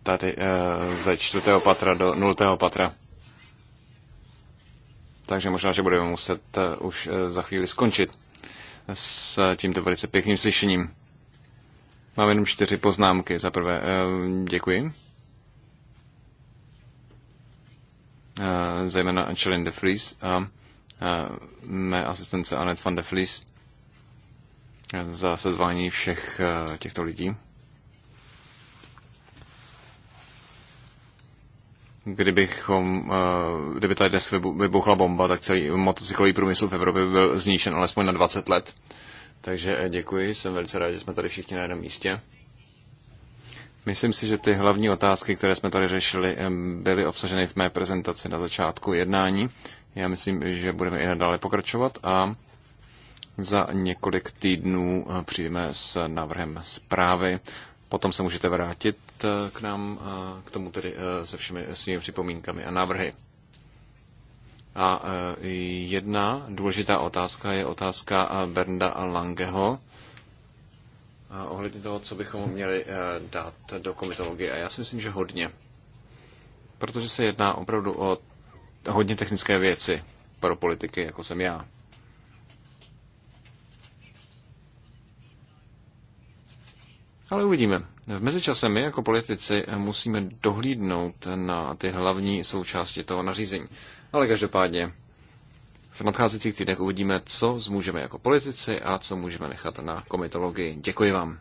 tady uh, ze čtvrtého patra do nultého patra. Takže možná, že budeme muset eh, už eh, za chvíli skončit s eh, tímto velice pěkným slyšením. Mám jenom čtyři poznámky. Za prvé, děkuji. Zajména Angelin de Vries a mé asistence Annette van de Vries za sezvání všech těchto lidí. kdybychom, eh, kdyby tady dnes vybuchla bomba, tak celý motocyklový průmysl v Evropě by byl zničen alespoň na 20 let. Takže eh, děkuji, jsem velice rád, že jsme tady všichni na jednom místě. Myslím si, že ty hlavní otázky, které jsme tady řešili, eh, byly obsaženy v mé prezentaci na začátku jednání. Já myslím, že budeme i nadále pokračovat a za několik týdnů přijme s návrhem zprávy Potom se můžete vrátit eh, k nám, eh, k tomu tedy eh, se všemi svými připomínkami a návrhy. A jedna důležitá otázka je otázka Bernda Langeho ohledně toho, co bychom měli dát do komitologie. A já si myslím, že hodně. Protože se jedná opravdu o hodně technické věci pro politiky, jako jsem já. Ale uvidíme. V mezičase my jako politici musíme dohlídnout na ty hlavní součásti toho nařízení. Ale každopádně v nadcházejících týdnech uvidíme, co zmůžeme jako politici a co můžeme nechat na komitologii. Děkuji vám.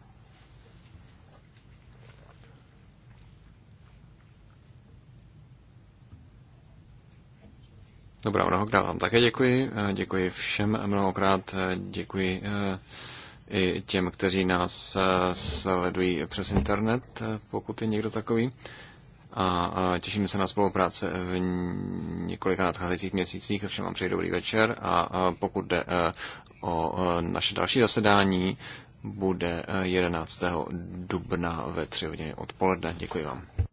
Dobrá, mnohokrát vám také děkuji. Děkuji všem mnohokrát. Děkuji eh, i těm, kteří nás eh, sledují přes internet, eh, pokud je někdo takový. A eh, těšíme se na spolupráce v několika nadcházejících měsících. Všem vám přeji dobrý večer a pokud jde o naše další zasedání, bude 11. dubna ve 3 hodiny odpoledne. Děkuji vám.